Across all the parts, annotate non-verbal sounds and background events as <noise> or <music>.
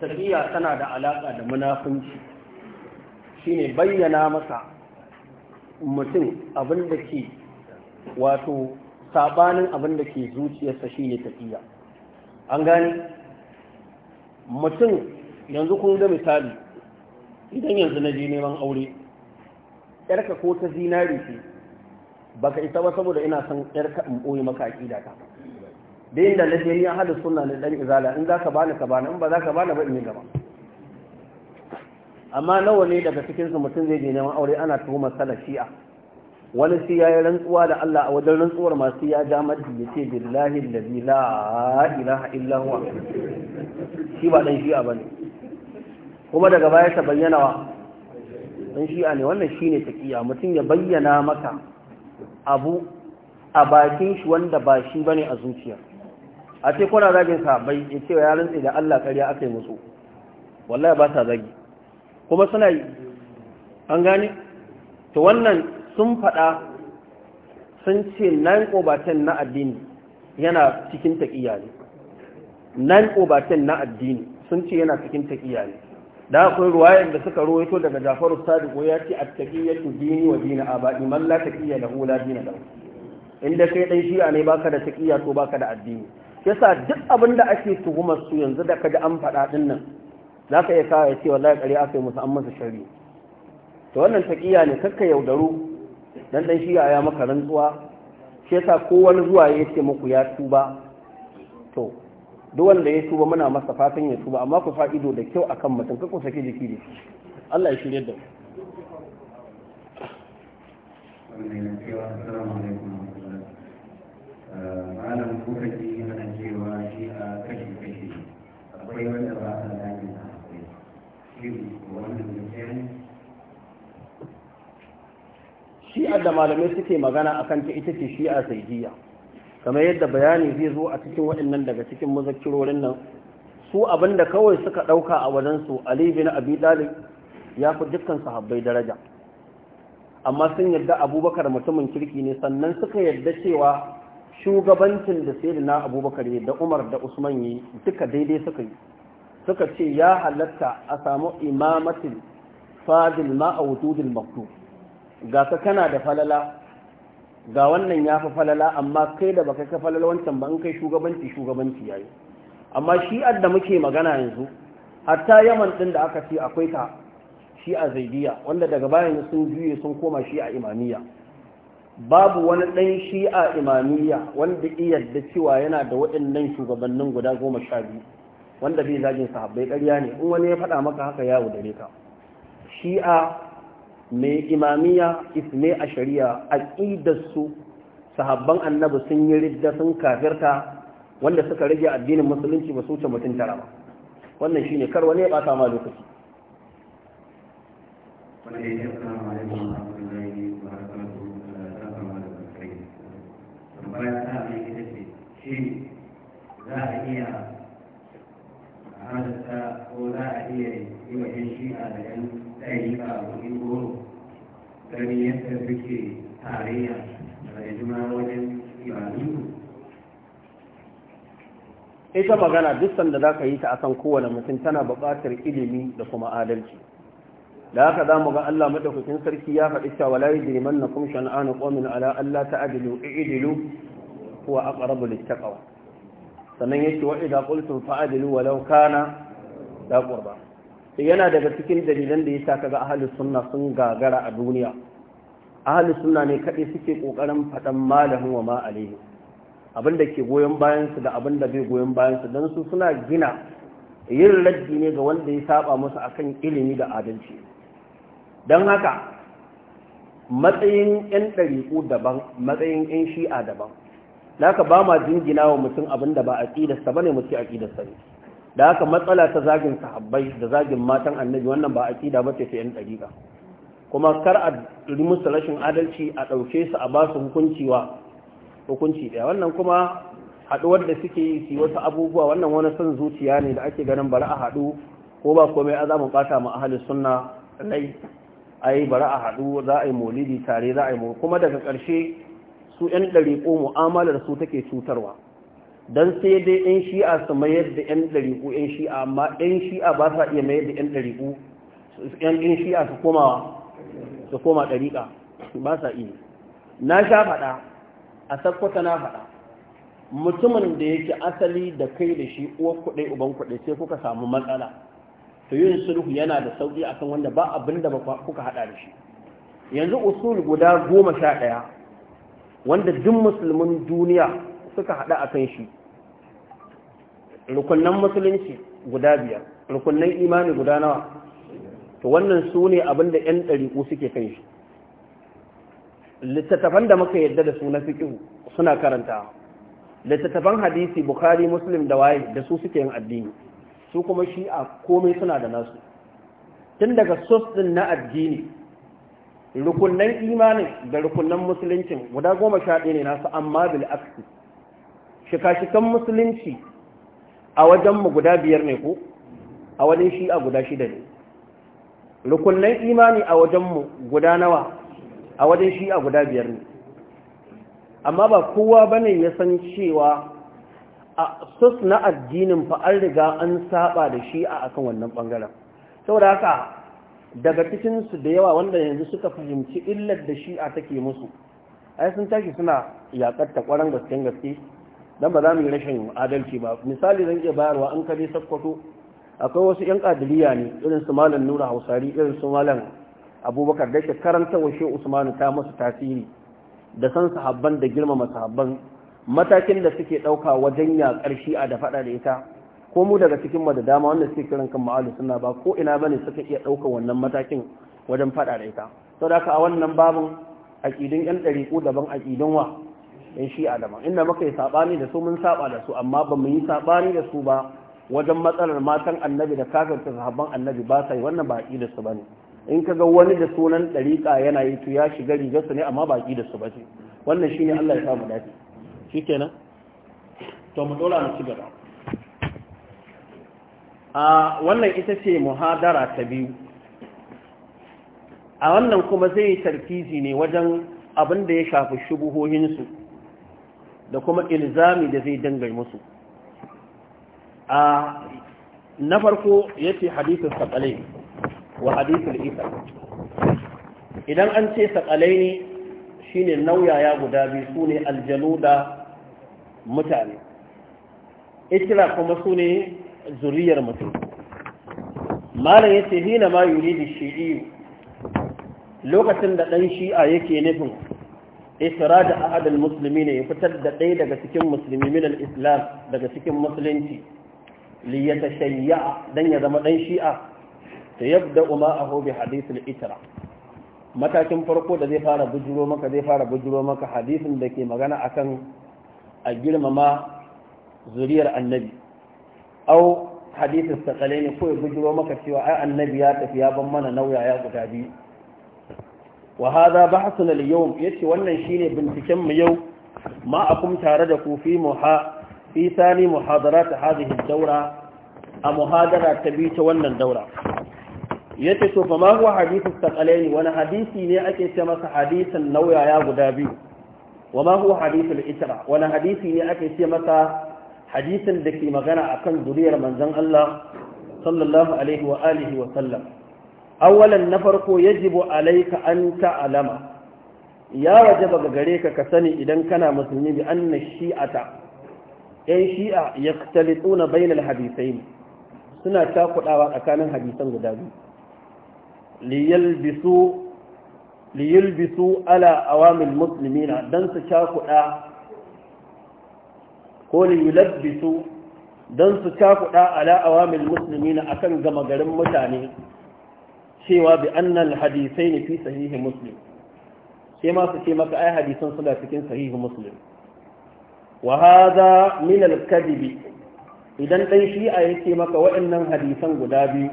tafiya tana da alaƙa da munafunci shi ne bayyana masa mutum abin da ke wato sabanin abin da ke zuciyarsa shi ne tafiya an gani mutum yanzu kun da misali idan yanzu na je neman aure yarka ko ta zinari ce baka ita ba saboda ina son yarka in ɓoye maka ƙida ta da inda na je ni ahadu sunna ne dan izala in za ka bani ka bani in ba ka bani ba in yi gaba amma nawa ne daga cikin su mutum zai je neman aure ana tuhumar sala shi'a wani shi ya yi rantsuwa da Allah a wajen rantsuwar masu ya ja mati ya ce billahi la ilaha illahuwa shi ba dan shi'a bane kuma daga baya ta bayyana wa dan shi'a ne wannan shine taqiya mutum ya bayyana maka abu a bakin shi wanda ba shi bane a zuciya a ce kuna zagin bai ya ce ya rantsi da Allah ƙarya aka yi musu wallahi ba sa zagi kuma suna yi an gane to wannan sun faɗa sun ce nan ƙobaten na addini yana cikin taƙiya ne nan ƙobaten na addini sun ce yana cikin taƙiya ne da akwai ruwayan da suka ruwaito daga Jafaru Sadiq ya ce at-taqiyatu dini wa dini abai man la taqiya lahu la dina lahu inda kai dai shi'a ne baka da taqiya to baka da addini yasa duk abin da ake tuhumar su yanzu da kaji an faɗa din nan zaka iya kawo ya ce wallahi kare aka yi musu an masa shari to wannan taqiya ne kakka yaudaru dan dan shi'a ya maka rantsuwa shi yasa ko wani zuwa ya ce muku ya tuba to duk wanda ya tuba muna masa fatan ya tuba amma ku fa'ido da kyau akan mutum ka kusa saki jiki ne Allah ya shirye da malam ji mana cewa shi a kashi kashi akwai wanda ba na akwai shi wanda shi'ar da malamai suke magana akan ta ita ce shi'a saidiya kamar yadda bayani zai zo a cikin waɗannan daga cikin mazakirorin nan su abinda kawai suka ɗauka a wajensu Ali bin Abi dalib ya fi dukkan sahabbai daraja amma sun yadda abubakar mutumin kirki ne sannan suka yadda cewa shugabancin da sai na abubakar ne da umar da usman yi duka daidai suka yi suka ce ya halatta a samu imamatin fadil ma a wujudin maktu ga ka kana da falala ga wannan ya fi falala amma kai da baka ka falala wancan ba in kai shugabanci shugabanci yayi amma shi da muke magana yanzu hatta yaman din da aka ce akwai ta shi'a zaidiya wanda daga bayan sun juye sun koma shi a imaniya. babu wani ɗan a imaniya wanda iyadda cewa yana da waɗannan shugabannin guda goma sha biyu wanda bai zagin sahabbai ƙarya ne in wani ya faɗa maka haka yawo dare ka shi'a mai imamiya isne a shari'a a ƙidarsu sahabban annabi sun yi ridda sun kafirta wanda suka rage addinin musulunci ba su wuce mutum tara ba wannan shine kar wani ya bata ma lokaci shi za a iya ko za a iya yi wa 'yan shi'a da 'yan mutane ba a wuri goro gani yadda suke tarayya da juna wajen ibadu ita magana duk sanda za ka yi ta akan kowane mutum tana buƙatar ilimi da kuma adalci da haka za mu ga Allah madaukakin sarki ya faɗi cewa la yajriman nakum shan'anu qawmin ala alla ta'dilu i'dilu huwa aqrabu littaqwa sannan yake wa idza qultum fa'dilu walau kana da qurba yana daga cikin dalilan da yasa kaga ahli sunna sun gagara a duniya ahli sunna ne kaɗai suke kokarin faɗan malamin wa ma alaihi abinda ke goyon bayan su da abinda bai goyon bayan su dan su suna gina yin raddi ne ga wanda ya saba musu akan ilimi da adalci dan haka matsayin 'yan ɗariƙu daban matsayin 'yan shi'a daban naka ba ma jingina wa mutum abin da ba a ƙidasta ba ne a ƙidasta ne da haka matsala ta zagin sahabbai da zagin matan annabi wannan ba aqida ba ce ta yan dariqa kuma kar a yi musu rashin adalci a ɗauke su a ba su hukunci wa hukunci ɗaya wannan kuma haɗuwar da suke yi su wasu abubuwa wannan wani san zuciya ne da ake ganin bari a haɗu ko ba komai a zamu ɓata ma ahli sunna rai ai bari a haɗu za a yi maulidi tare za a yi kuma daga karshe su 'yan mu mu'amalar su take cutarwa don sai dai 'yan shi'a su mayar da 'yan ɗariƙu 'yan shi'a amma 'yan shi'a ba sa iya mayar da 'yan ɗariƙu 'yan shi'a su koma su koma ɗariƙa ba sa iya na sha faɗa a sakkwata na faɗa mutumin da yake asali da kai da shi uwar kuɗai uban kuɗai sai kuka samu matsala to yin sulhu yana da sauƙi akan wanda ba abin da kuka haɗa da shi yanzu usul guda goma sha ɗaya wanda duk musulmin duniya suka haɗa a kan shi rukunan musulunci guda biyar rukunan imani guda nawa to wannan su ne abinda ƴan 'yan ɗariƙu suke kai shi littattafan da muka yadda da su na fiƙihu suna karanta littattafan hadisi bukhari muslim da waye da su suke yin addini su kuma shi a komai suna da nasu tun daga sos ɗin na addini rukunan imanin da rukunan musuluncin guda goma sha ɗaya ne nasu amma bil aksi shika-shikan musulunci a wajenmu guda biyar ne ku? a wajen shi a guda shida ne rukunan imani a wajenmu guda nawa a wajen shi a guda biyar ne amma ba kowa ba ne ya san cewa a sus na addinin fa'ar riga an saba da shi a akan wannan bangaren saboda haka daga cikinsu da yawa wanda yanzu suka fahimci illar da shi'a take musu ai sun tashi suna yakar ta ƙwarar gaske gaske dan ba za mu yi rashin adalci ba misali zan iya bayarwa an kaje sakkwato akwai wasu yan kadiriya ne irin su malam nura hausari irin su malam abubakar da ke karanta wa shehu usmanu ta masu tasiri da san sahabban da girmama sahabban matakin da suke ɗauka wajen ya ƙarshi a da faɗa da ita ko mu daga cikin mu da dama wanda suke kiran kan ma'alu suna ba ko ina bane suka iya ɗauka wannan matakin wajen faɗa da ita saboda haka a wannan babin aƙidin yan ɗariƙu daban aƙidin wa in shi alama inda muka yi saɓani da su mun saɓa da su amma ba mu yi saɓani da su ba wajen matsalar matan annabi da kafirta sahabban annabi ba sai yi wannan ba da su ba ne in ka ga wani da sunan ɗariƙa yana yi to ya shiga su ne amma ba da su ba ce wannan shine Allah ya samu dace kenan to mu dora mu ci gaba a wannan ita ce muhadara ta biyu a wannan kuma zai tarkizi ne wajen abin da ya shafi shubuhohinsu da kuma ilzami da zai dinga musu a na farko ya ce hadisun saƙalai wa hadisun isa idan an ce saƙalai ne shine nauyaya guda biyu su ne aljanu da mutane ikira kuma su ne zuriyar mutum malam ya ce hina ma yuri da shi'i lokacin da ɗan shi'a yake nufin da musulmi ne ya fitar ɗaya إخراج أحد المسلمين يفتد دقيدة كسكين مسلمي من الإسلام ya zama ɗan shi'a. دنيا دمدن uma a معه بحديث الإترة matakin farko da zai fara bujuro zai fara bujuro maka hadisin da ke magana akan a girmama zuriyar annabi au hadisin sakale ne ko ya maka cewa ai annabi ya tafi ya ban mana nauya ya guda biyu wa hadha bahthuna al-yawm yace wannan shine binciken mu yau ma akum tare da ku fi muha fi thani muhadarat hadhihi ad-dawra a muhadara ta bi ta wannan daura yace to fa ma huwa hadithu thaqalaini wani hadisi ne ake ce masa hadisan nauyaya guda biyu wa ma huwa hadithu al-itra wani hadisi ne ake ce masa hadisin da ke magana akan zuriyar manzon Allah sallallahu alaihi wa alihi wa sallam awalan na farko yajibu alaika an ta'alama ya waje ba gare ka ka sani idan kana musulmi bi anna shi'ata yan shi'a yaktalituna bainal hadisain suna takudawa tsakanin hadisan guda biyu liyalbisu liyalbisu ala awamil muslimina dan su takuda ko liyalbisu dan su takuda ala awamil muslimina akan gama garin mutane cewa bi annal hadisai ne fi sahihi muslim sai ma su ce maka ai hadisan suna cikin sahihi muslim wa hadha min al kadibi idan dan shi'a yake maka waɗannan hadisan guda biyu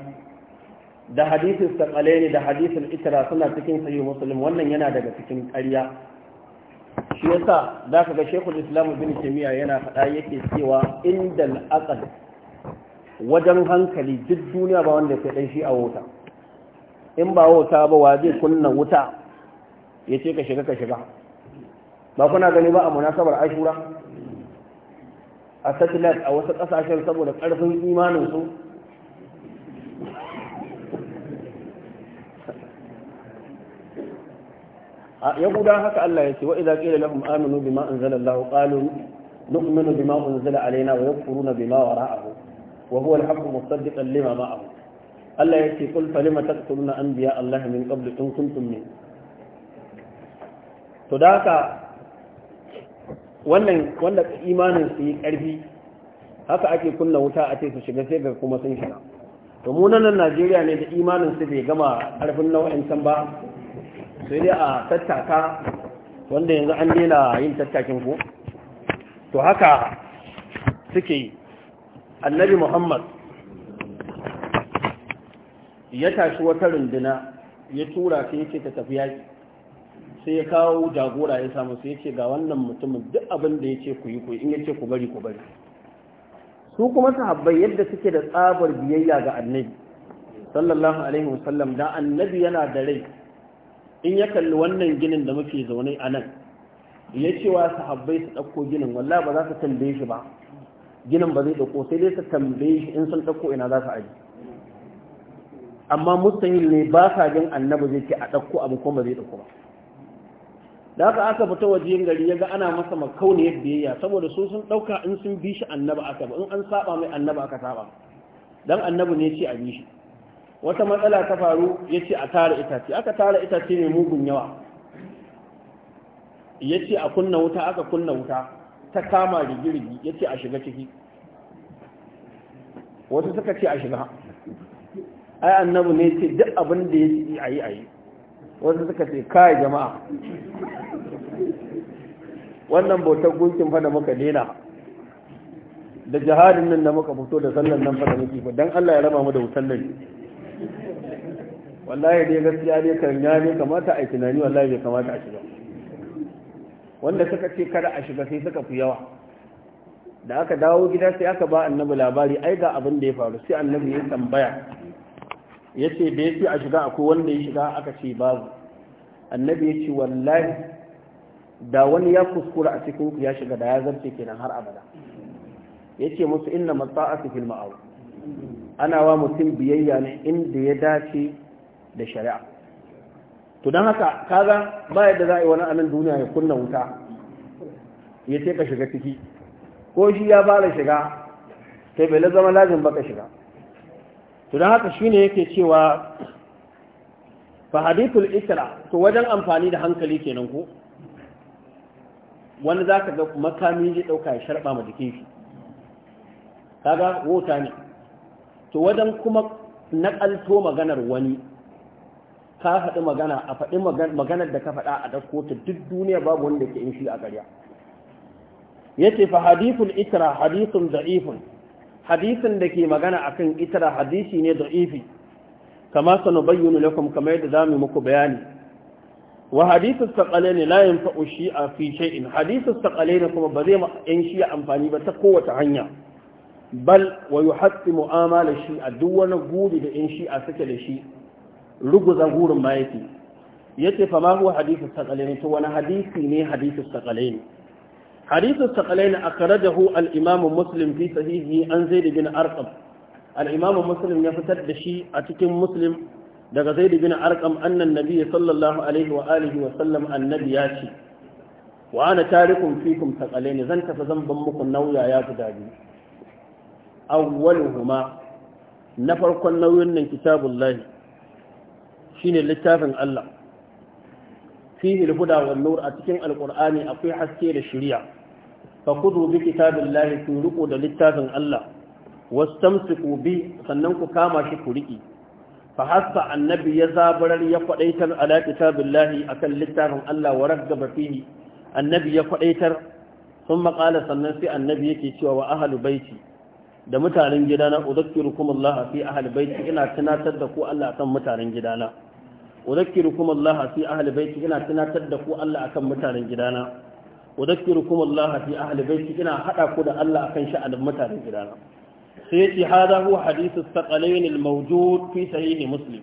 da hadisin sakalai da hadisin itra suna cikin sahihi muslim wannan yana daga cikin ƙarya shi yasa za ka ga shekul islamu bin kimiyya yana faɗa yake cewa inda al'aqal wajen hankali duk duniya ba wanda ya kai dan shi'a wuta in ba wauta ba wa zai kunna wuta ya ce ka shiga ka shiga ba kuna gani ba a munasabar ashura a satellite a wasu kasashen saboda karfin imanin su yahuda haka Allah ya ce wa idza qila lahum aminu bima anzala Allah qalu nu'minu bima unzila alaina wa yakfuruna bima wara'ahu wa huwa al-haqqu musaddiqan lima ma'ahu Allah ya ce kul falima an biya. Allah min qabl in kuntum ne. to da haka wannan wanda imanin su yi ƙarfi, haka ake kunna wuta a ce su shiga sai ga kuma sun shiga to mu nan Najeriya ne da imanin su bai gama ƙarfin nau'in can ba sai dai a tattaka wanda yanzu an daina yin tattakin ku to haka suke yi annabi Muhammad ya tashi wata runduna ya tura sai yake ta tafi yaki sai ya kawo jagora ya samu sai yake ga wannan mutumin duk abin da yace ku yi ku in yake ku bari ku bari su kuma sahabbai yadda suke da tsabar biyayya ga annabi sallallahu alaihi wasallam da annabi yana da rai in ya kalli wannan ginin da muke zaune a nan ya cewa sahabbai su ɗauko ginin wallahi ba za su tambaye shi ba ginin ba zai ɗauko sai dai su tambaye shi in sun ɗauko ina za su aji amma mustahil ne ba sa jin annabi zai ce a ɗauko abu kuma zai ɗauko ba da haka aka fita wajen gari yaga ana masa makauniyar biyayya saboda su sun ɗauka in sun bi shi annabi aka ba in an saba mai annabi aka saba dan annabi ne ce a bi shi wata matsala ta faru ya ce a tara itace aka tara itace ne mugun yawa ya ce a kunna wuta aka kunna wuta ta kama rigirigi ya ce a shiga ciki wasu suka ce a shiga ai annabi ne ce duk abin da ya ci eh, ayi ayi wasu suka ce kai jama'a wannan bautar gunkin fa da muka dena da jihadin nan da muka fito da sallan nan fa da muke fa dan Allah ya raba mu da wutan nan wallahi dai gaskiya ne kan ya ne kamata a yi tunani wallahi bai kamata a shiga wanda suka ce kada a shiga sai suka fi yawa da aka dawo gida sai aka ba annabi labari ai ga abin da ya faru sai annabi ya tambaya ya ce da ya ce a shiga akwai wanda ya shiga aka ce babu annabi ya ce wallahi da wani ya kuskura a cikin ya shiga da ya zarce kenan har abada ya ce musu inna matsa'atu fil ma'aru ana wa mutum biyayya ne inda ya dace da shari'a to don haka kaga ba yadda za a yi wani anan duniya ya kunna wuta ya ce ka shiga ciki ko shi ya fara shiga kai bai zama lajin baka shiga to don haka shine yake cewa fa hadithul Isra, to wajen amfani da hankali kenan ku, wani zaka ga makami zai dauka ya sharba ma jikin shi kaga wota ne to wajen kuma naƙalto maganar wani ka faɗi magana a faɗi maganar da ka faɗa a ɗauko ta duk duniya babu wanda ke in shi a ƙarya yace fa hadithul Isra, hadithun da'ifun hadisin da ke magana akan itara hadisi ne da'ifi kama sanubayyinu lakum kamar yadda zamu muku bayani wa ne layin la yanfa'u shi'a fi shay'in hadithu saqalaini kuma ba zai ma yan amfani ba ta kowace hanya bal wa yuhatti mu'amala a duk wani guri da yan shi'a suke da shi ruguza gurin ma yace fama ma huwa ta saqalaini to wani hadisi ne hadithu ne حديث الثقلين أخرجه الإمام مسلم في صحيحه عن زيد بن أرقم الإمام مسلم يفتد بشيء أتكم مسلم daga zai bin arkam annan nabi sallallahu alaihi wa alihi wa sallam annabi ya ce wa ana tarikum fikum taqalaini zan tafi zan ban muku nauya ya guda biyu awwaluhuma na farkon nauyin nan kitabullahi shine littafin Allah fihi alhuda a cikin alqur'ani akwai haske da shari'a fakudu bi Lahi ku riko da littafin Allah wasu ku bi sannan ku kama shi ku riki fa hasa annabi ya zabarar ya kwadaitar ala kitabillahi akan littafin Allah wa gaba fihi annabi ya kwadaitar sun maƙala sannan sai annabi yake cewa wa ahalu baiti da mutanen gidana udhakkirukum Allah fi ahli baiti ina tunatar da ku Allah akan mutanen gidana udhakkirukum Allah fi ahli baiti ina tunatar da ku Allah akan mutanen gidana وذكركم الله في أهل بيتي إنا حتى قد الله أكن شأن متان جلانا سيتي هذا هو حديث الثقلين الموجود في صحيح مسلم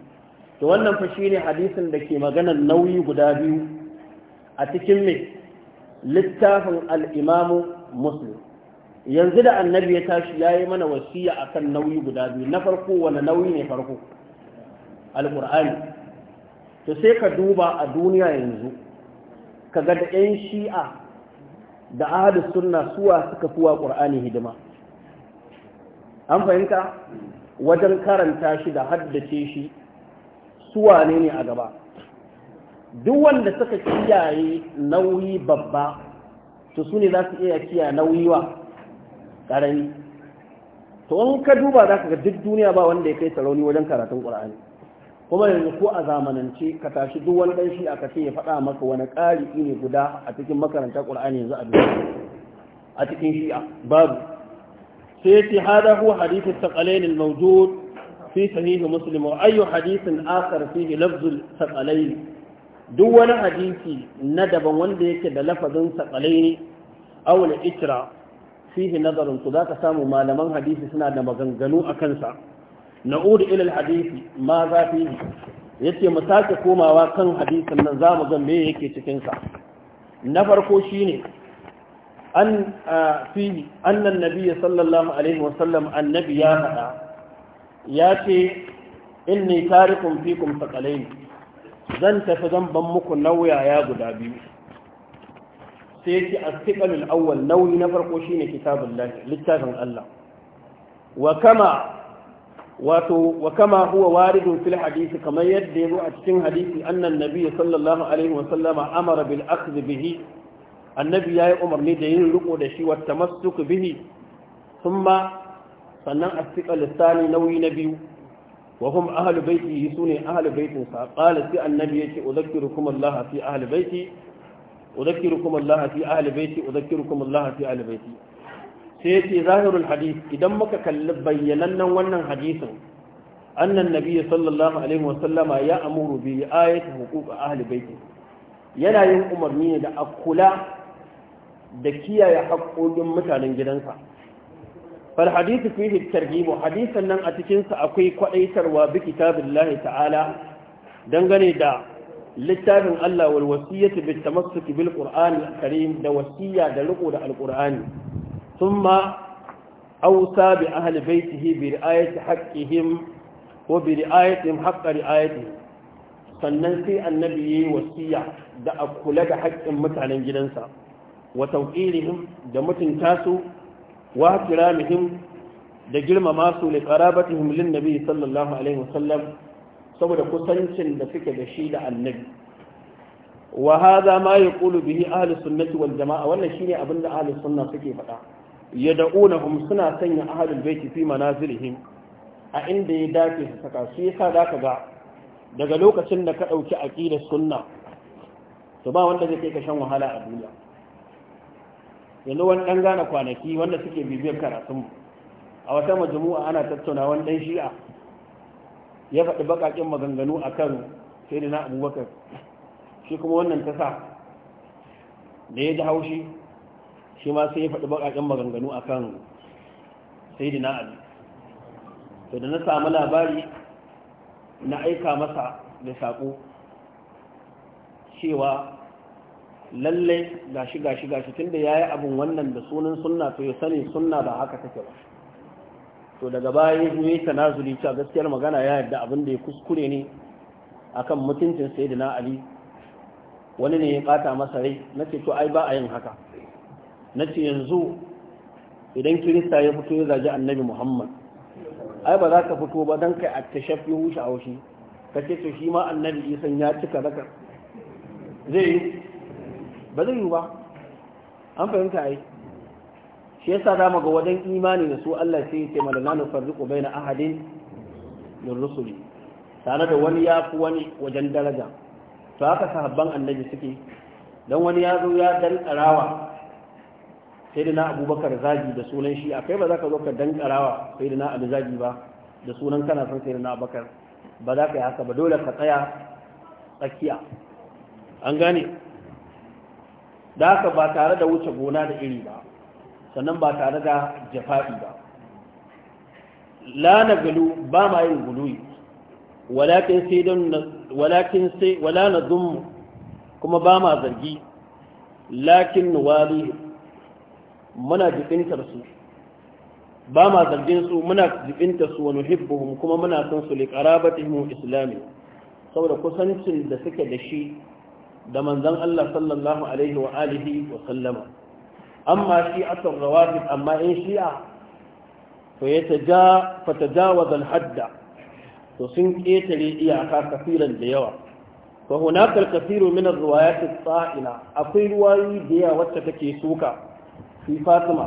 تولنا فشيني حديث لكي مغنى النوي قدابي أتكمي للتاف الإمام مسلم ينزل النبي تاشي لا يمن وسيع أكن نوي قدابي نفرقه ونوي نفرقه القرآن تسيك دوبا الدنيا ينزل kaga da 'yan shi'a da ahalus sunna suwa suka fi wa ƙur'ani hidima an fahimta wajen karanta shi da haddace shi suwa ne ne a gaba duk wanda suka kiyaye nauyi babba to su ne za su iya kiyaye nauyi wa ƙarami to in ka duba za ka ga duk duniya ba wanda ya kai sarauni wajen karatun ƙur'ani kuma yanzu ko a zamanance ka tashi duk wani dan shi aka ce ya faɗa maka wani ƙari ne guda a cikin makarantar Qur'ani yanzu a duniya a cikin shi'a babu sai ce hada huwa hadith saƙalaini thaqalain mawjud fi sahih muslim wa ayu hadith akhar fihi lafz al duk wani hadisi na daban wanda yake da lafazin thaqalain aw al-itra fihi nazarun to zaka samu malaman hadisi suna da maganganu akan sa na'ud ilal hadisi ma za fi yace mu sake komawa kan hadisin nan za mu ga me yake cikin sa na farko shine an fi annan nabiyyi sallallahu alaihi sallam annabi ya hada ya ce inni tarikum fikum thaqalain zan tafi zan ban muku ya guda biyu sai yake astiqalul awwal nauyi na farko shine kitabullahi littafin Allah wa kama wato wa kama huwa waridun fil hadisi kamar yadda ya zo a cikin hadisi annan nabi sallallahu alaihi wa sallama amara bil akhdh bihi annabi yayi umarni da yin riko da shi wa tamassuk bihi thumma sannan astiqal lisani nauyi na biyu wa hum ahlu baitihi sune ahlu baitin sa qala sai annabi yace udhakkirukum Allah fi ahli baiti udhakkirukum Allah fi ahli baiti udhakkirukum Allah fi ahli baiti sai yace zahirul hadith idan muka kalli bayyanannen wannan hadisin annan Nabiyyu sallallahu alaihi wasallama ya amuru bi ayati huquq ahli baiti yana yin umarni ne da akula da kiyaye haƙoƙin mutanen gidansa fal hadithu fihi targhib hadisan nan a cikin sa akwai kwadaitarwa bi kitabillahi ta'ala dangane da littafin Allah wal wasiyatu bit tamassuki bil qur'ani karim da wasiya da riko da alqur'ani ثم أوصى بأهل بيته برعاية حقهم وبرعايتهم حق رعايتهم sannan sai annabi ya wasiya da a kula da haƙƙin mutanen gidansa da mutunta su da girmama su li qarabatihim lin nabi sallallahu alaihi wasallam saboda kusancin da suke da shi da annabi wa hadha ma yaqulu bihi ahlus sunnati wal jamaa wannan shine da ahlus sunna suke faɗa Ya hum suna sanya ahlul baiti fi manazilihim a inda ya dace su saka su yasa zaka ga daga lokacin da ka dauki aqida sunna to ba wanda zai kai ka shan wahala a duniya yanzu wani dan gane kwanaki wanda suke bibiyar karatun a wata majmu'a ana tattauna wani dan shi'a ya faɗi bakakin maganganu akan sai da na abubakar shi kuma wannan ta sa da ya ji haushi shi ma sai ya faɗi baƙaƙen maganganu a kan sayidina ali to da na samu labari na aika masa da saƙo cewa lallai gashi gashi gashi tunda ya yi abin wannan da sunan sunna to ya sani sunna da haka take ba to daga baya ya yi tanazuri cewa gaskiyar magana ya yarda abin da ya kuskure ne akan mutuncin sayyidina ali wani ne ya kata masa rai na ce to ai ba a yin haka na ce yanzu idan kirista ya fito ya zaji annabi muhammad ai ba za ka fito ba don kai a tashafi hushe a wushi ka ce to shi ma annabi isan ya cika daga zai yi ba zai yi ba an fahimta ai shi yasa da ga wajen imani da su Allah sai ya ce farzi ko bai na ahadin min rusuli tare da wani ya fi wani wajen daraja to haka sahabban annabi suke Don wani ya zo ya dan tsarawa sai da na abubakar zagi da sunan shi a kai ba za ka zo ka dankarawa sai da na abu zagi ba da sunan kana son sai da na abubakar ba za ka yi haka ba dole ka tsaya tsakiya an gane da haka ba tare da wuce gona da iri ba sannan ba tare da jafa'i ba la na gulu ba ma yin guluyi walakin sai don walakin sai wala na zumu kuma ba ma zargi lakin wali muna jibintar su ba ma zargin su muna jibinta su wani hibbuhum kuma muna son su li qarabatihim islami saboda kusancin da suke da shi da manzon Allah sallallahu alaihi wa alihi wa sallama amma shi'atul rawafid amma in shi'a to yataja fatajawaz al-hadda to sun ketare iyaka kafiran da yawa fa hunaka al-kathiru min ar-riwayat as-sa'ila akwai ruwayi da yawa wacce take suka fi fatima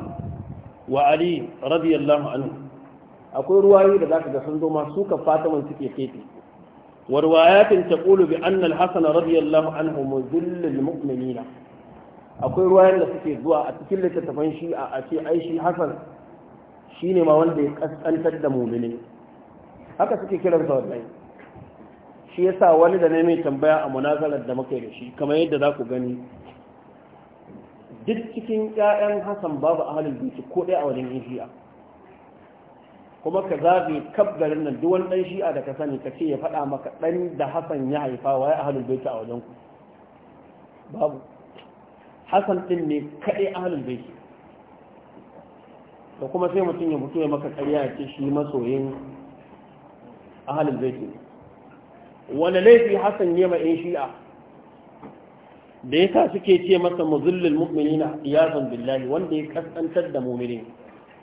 wa ali radiyallahu anhu akwai ruwayoyi da zaka ga sun zo ma su ka fatima suke kefe wa riwayatin taqulu bi anna al-hasan radiyallahu anhu muzillul mu'minina akwai ruwayoyin da suke zuwa a cikin littattafan shi'a a ce ai shi hasan shine ma wanda ya kaskantar da mu'mini haka suke kiransa wallahi shi yasa wani da ne mai tambaya a munazarar da muka yi da shi kamar yadda za ku gani duk cikin ƴaƴan Hassan babu ahlul baiti ko ɗaya a wajen yin shi'a kuma ka zabe kaf garin nan duk wani dan shi'a da ka sani ka ce ya faɗa maka dan da Hassan ya haifa wa ya ahlul baiti a wajen ku babu Hassan ɗin ne kaɗai ahlul baiti da kuma sai mutum ya fito ya maka ƙarya ya ce shi masoyin ahalin zai wani laifi hassan ne ma mai shi'a da yasa suke ce masa muzullul mu'minina iyazan billahi wanda ya kaskantar da mu'mini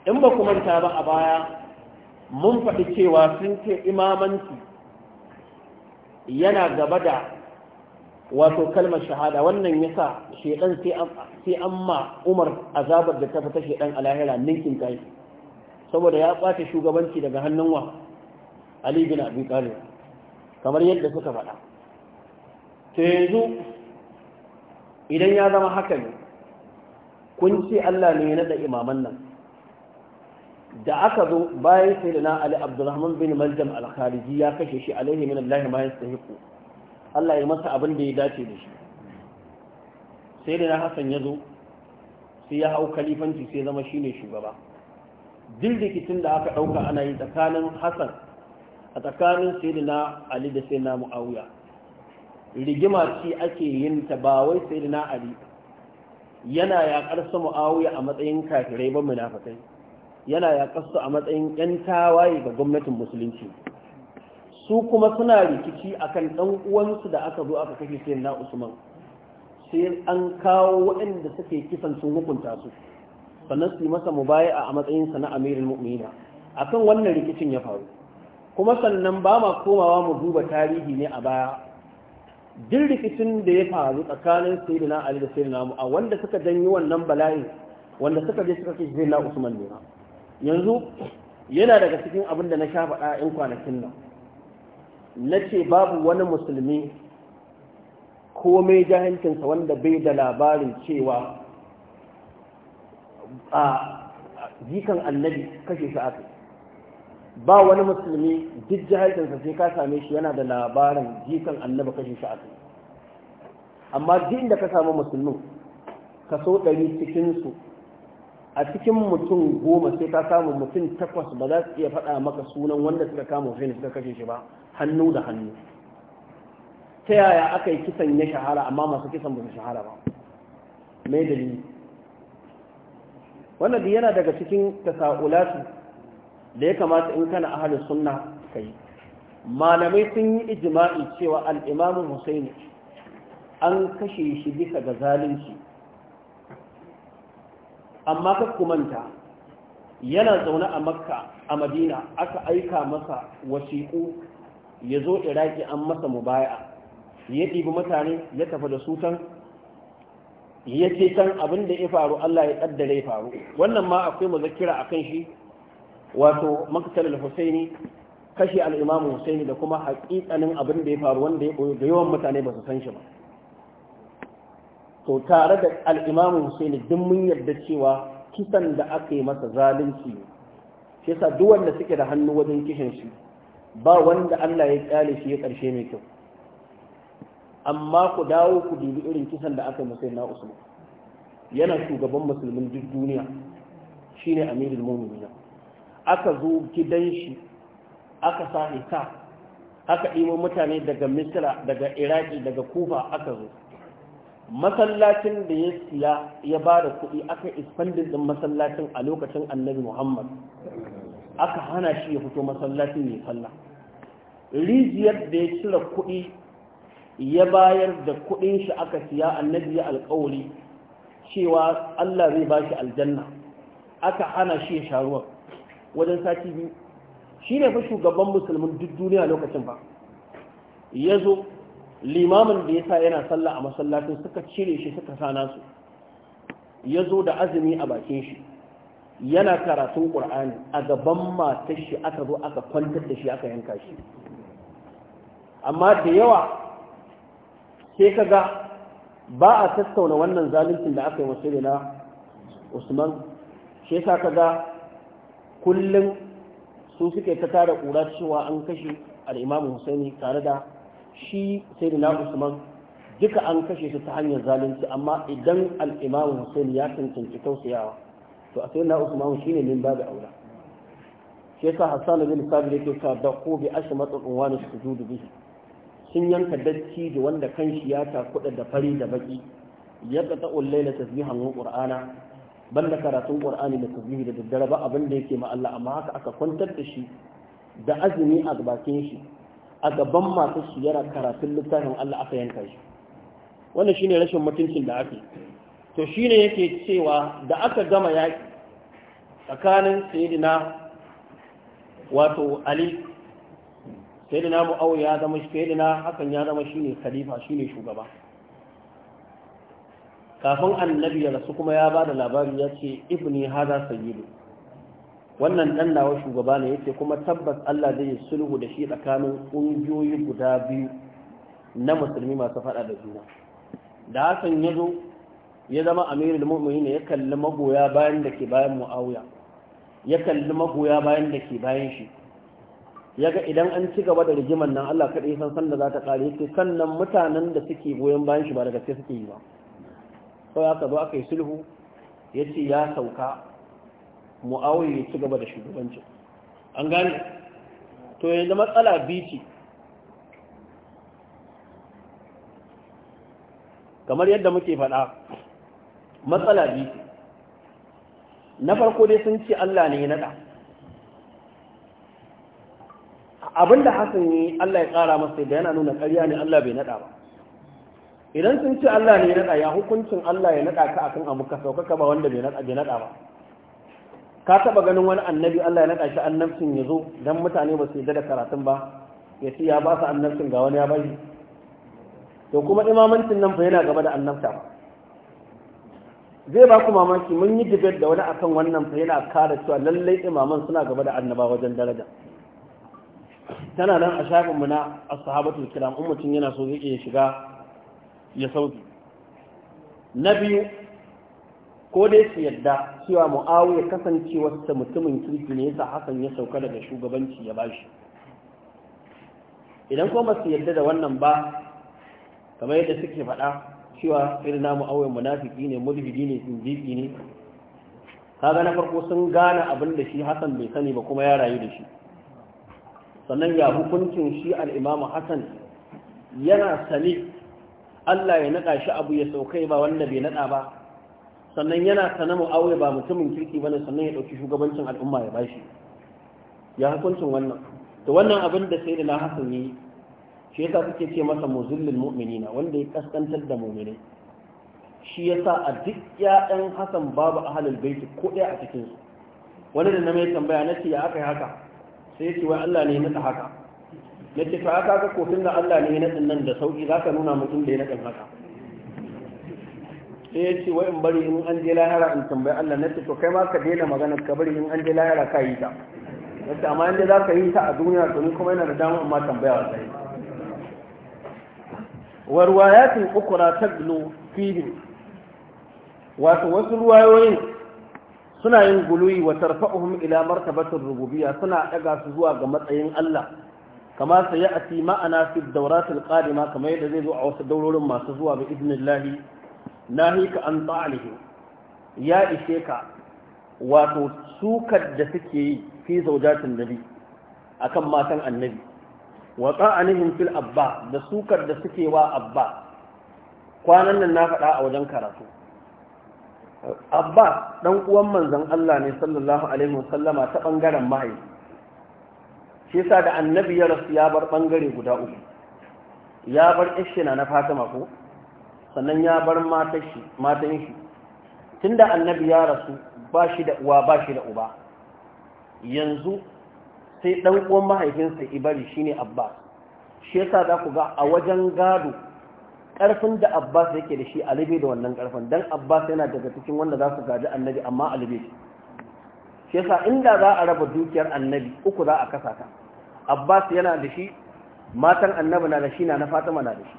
in ba kuma ta ba a baya mun faɗi cewa sun ce imamanci yana gaba da wato kalmar shahada wannan yasa shedan sai an sai amma Umar azabar da ta fita shedan a lahira ninkin kai saboda ya ɓata shugabanci daga hannun wa Ali bin Abi Talib kamar yadda suka faɗa Ta yanzu idan ya zama haka ne kun ce Allah ne ya nada imaman nan da aka zo bayan sai Ali Abdulrahman bin Maljam al-Khariji ya kashe shi alaihi min Allah ma yastahiqu Allah ya masa abin da ya dace da shi Sayyidina Hassan ya zo sai ya hau kalifanci sai zama shine shugaba duk rikicin da aka dauka ana yi tsakanin Hassan a tsakanin sayyidina Ali da sai na Muawiya rigima ce ake yin ta ba wai sai da naali yana yaƙar su mu'awiya a matsayin kafirai ba munafikai yana yaƙar su a matsayin ƴan tawaye ga gwamnatin musulunci su kuma suna rikici akan ɗan uwansu da aka zo aka kashe sai na usman sai an kawo waɗanda suke kisan sun hukunta su sannan su yi masa mubaya'a a matsayin sa na amirul mu'mina akan wannan rikicin ya faru kuma sannan ba ma komawa mu duba tarihi ne a baya duk rikicin da ya faru tsakanin sayyidina ali da sayyidina mu a wanda suka janyi wannan bala'i wanda suka je suka kashe sayyidina usman ne yanzu yana daga cikin abin da na sha faɗa in kwanakin nan na ce babu wani musulmi komai jahilcinsa wanda bai da labarin cewa a jikan annabi kashe shi aka ba wani musulmi duk jahilcinsa sai ka same shi yana da labarin jikan annabi kashe shi a amma duk inda ka samu musulmi kaso ɗari cikinsu a cikin mutum goma sai ka samu mutum takwas ba za su iya faɗa maka sunan wanda suka kama wani suka kashe shi ba hannu da hannu ta yaya aka yi kisan ya shahara amma masu kisan ba su shahara ba mai dalili wannan yana daga cikin tasa'ulatu da ya kamata in kana ahalin sunna kai malamai sun yi ijima'i cewa al-imam Husaini an kashe shi bisa ga zalunci amma ka kumanta yana zaune a makka a madina aka aika masa wasiƙu ya zo iraki an masa mu baya ya ɗibi mutane ya tafi da su ya ce can abin da ya faru Allah ya ƙaddare ya faru wannan ma akwai mazakira a kan shi wato Maktar al-husaini kashe al-imam husaini da kuma haƙiƙanin abin da ya faru wanda ya koyo da yawan mutane ba su san shi ba to tare da al-imam husaini duk mun yarda cewa kisan da aka yi masa zalunci shi yasa duk wanda suke da hannu wajen kishin shi ba wanda Allah ya kyale shi ya karshe mai kyau amma ku dawo ku dubi irin kisan da aka yi masa na usman yana shugaban musulmin duk duniya shine amirul mu'minin aka zo gidan shi aka sa hita aka ɗimo mutane daga misira daga iraki daga kufa aka zo masallacin da ya siya ya ba da kuɗi aka ispandin din masallacin a lokacin annabi muhammad aka hana shi ya fito masallacin mai falla. rijiyar da ya cire kuɗi ya bayar da kuɗin shi aka siya annabi ya alƙawari cewa allah zai ba shi aljanna aka hana shi ya sharuwar wajen sati biyu shi ne fa shugaban musulmin duk duniya lokacin ba ya zo limamin da ya sa yana sallah a masallacin suka cire shi suka sana su ya zo da azumi a bakin shi yana karatun ƙur'ani a gaban matar shi aka zo aka kwantar da shi aka yanka shi amma da yawa sai ka ga ba a tattauna wannan zaluncin da aka yi masu na usman shi yasa ka ga kullum su suke ta tara ƙura cewa an kashe al'imamu husaini tare da shi sai da usman duka an kashe su ta hanyar zalunci amma idan al'imamu husaini ya cancanci tausayawa to a sai usman shi ne min babu aura shi yasa hassan bin sabir yake sa da ko bi ashi matsatsin wani su da bihi sun yanka dacci da wanda kanshi ya kuɗa da fari da baki yadda ta'ul da tasbihan wa qur'ana banda karatun qur'ani da tasbihi da daddare ba abin da yake ma Allah amma haka aka kwantar da shi da azumi a bakin shi a gaban masu siyara, karatun littafin Allah aka yanka shi wannan shine rashin mutuncin da ake to shine yake cewa da aka gama yaki tsakanin sayyidina wato Ali sayyidina Muawiya ya zama sayyidina hakan ya zama shine khalifa shine shugaba kafin annabi ya rasu kuma ya ba da labari ya ce ibni hada sayyidu wannan dan nawa shugaba ne yace kuma tabbas Allah zai yi sulhu da shi tsakanin ƙungiyoyi guda biyu na musulmi masu faɗa da juna da Hassan ya zo ya zama amirul mu'minin ya kalli magoya bayan da ke bayan muawiya ya kalli magoya bayan da ke bayan shi ya ga idan an ci gaba da rigimar nan Allah kaɗai san san da za ta ƙare yake sannan mutanen da suke goyon bayan shi ba da gaske suke yi ba kawai aka zo aka yi sulhu ya ce ya sauka mu'awai ya ci gaba da shugabancin an gane to yanzu matsala bici kamar yadda muke faɗa matsala bici na farko dai sun ce Allah ne ya naɗa abinda hasan yi Allah ya ƙara masa da yana nuna ƙarya ne Allah bai naɗa ba idan sun ce Allah ne ya naɗa ya hukuncin Allah ya naɗa ka akan abu ka saukaka ba wanda bai naɗa ba ka taɓa ganin wani annabi Allah ya naɗa shi annabcin ya zo don mutane ba su yi da karatun ba ya ce ya ba su annabcin ga wani ya bai to kuma imamancin nan fa yana gaba da annabta ba zai ba ku mamaki mun yi dibet da wani akan wannan fa yana kare cewa lallai imaman suna gaba da annaba wajen daraja tana nan a shafinmu mu na ashabatul kiram in mutum yana so zai iya shiga ya sauki na biyu ko dai su yadda cewa kasance kasancewarsa mutumin kirki ne yasa hasan ya sauka daga shugabanci ya bashi idan kuma su yadda da wannan ba kamar yadda suke faɗa cewa irin namu auren munafiki ne mulhidi ne zinjiki ne kaga na farko sun gane abin da shi hasan bai sani ba kuma ya rayu da shi sannan ya hukuncin shi al'imamu hasan yana sani Allah ya naɗa shi abu ya saukai ba wanda bai naɗa ba sannan yana sana aure ba mutumin kirki bane sannan ya ɗauki shugabancin al'umma ya bashi ya hukuncin wannan to wannan abin da sai da na hasan yi shi yasa suke ce masa muzillil mu'minina wanda ya kaskantar da mu'minai shi yasa a duk ƴaƴan hasan babu ahlul bait ko ɗaya a cikin su wani da na mai tambaya na ce ya aka haka sai ya ce wai Allah ne ya nada haka na ce fa aka ga kofin da Allah ne na nan da sauki za ka nuna mutum da ya naɗin haka sai ya ce wai in bari in an je lahara in tambayi Allah na ce to kai ma ka daina magana ka bari in an je lahara ka yi ta na ce amma inda za ka yi ta a duniya to ni kuma yana da dama amma tambaya wa sai warwayatin ukura taglu fihim wato wasu ruwayoyin suna yin guluyi wa tarfa'uhum ila martabatir rububiyya suna daga su zuwa ga matsayin Allah kama sai ya ati ma'ana fi dauratul qadima kamar yadda zai zo a wasu daurorin masu zuwa bi idnillahi nahika an ta'alihi ya ishe ka wato suka da suke yi fi zaujatin nabi akan matan annabi wa ta'anihim fil abba da sukar da suke wa abba kwanan nan na faɗa a wajen karatu abba dan uwan manzon Allah ne sallallahu alaihi wasallama ta bangaren mahaifi shi sa da annabi ya rasu ya bar bangare guda uku ya bar ishina na fatima ko sannan ya bar matan shi tunda annabi ya rasu ba shi da uwa ba shi da uba yanzu sai dan uwan mahaifinsa ibari ne Abba shi sa za ku ga a wajen gado ƙarfin da abbas yake da shi alibi da wannan karfin don abbas yana daga cikin wanda za su gaji annabi amma alibi shi yasa inda za a raba dukiyar annabi uku za a kasa ta abbas yana da shi matan annabi na da shi na na fatima na da shi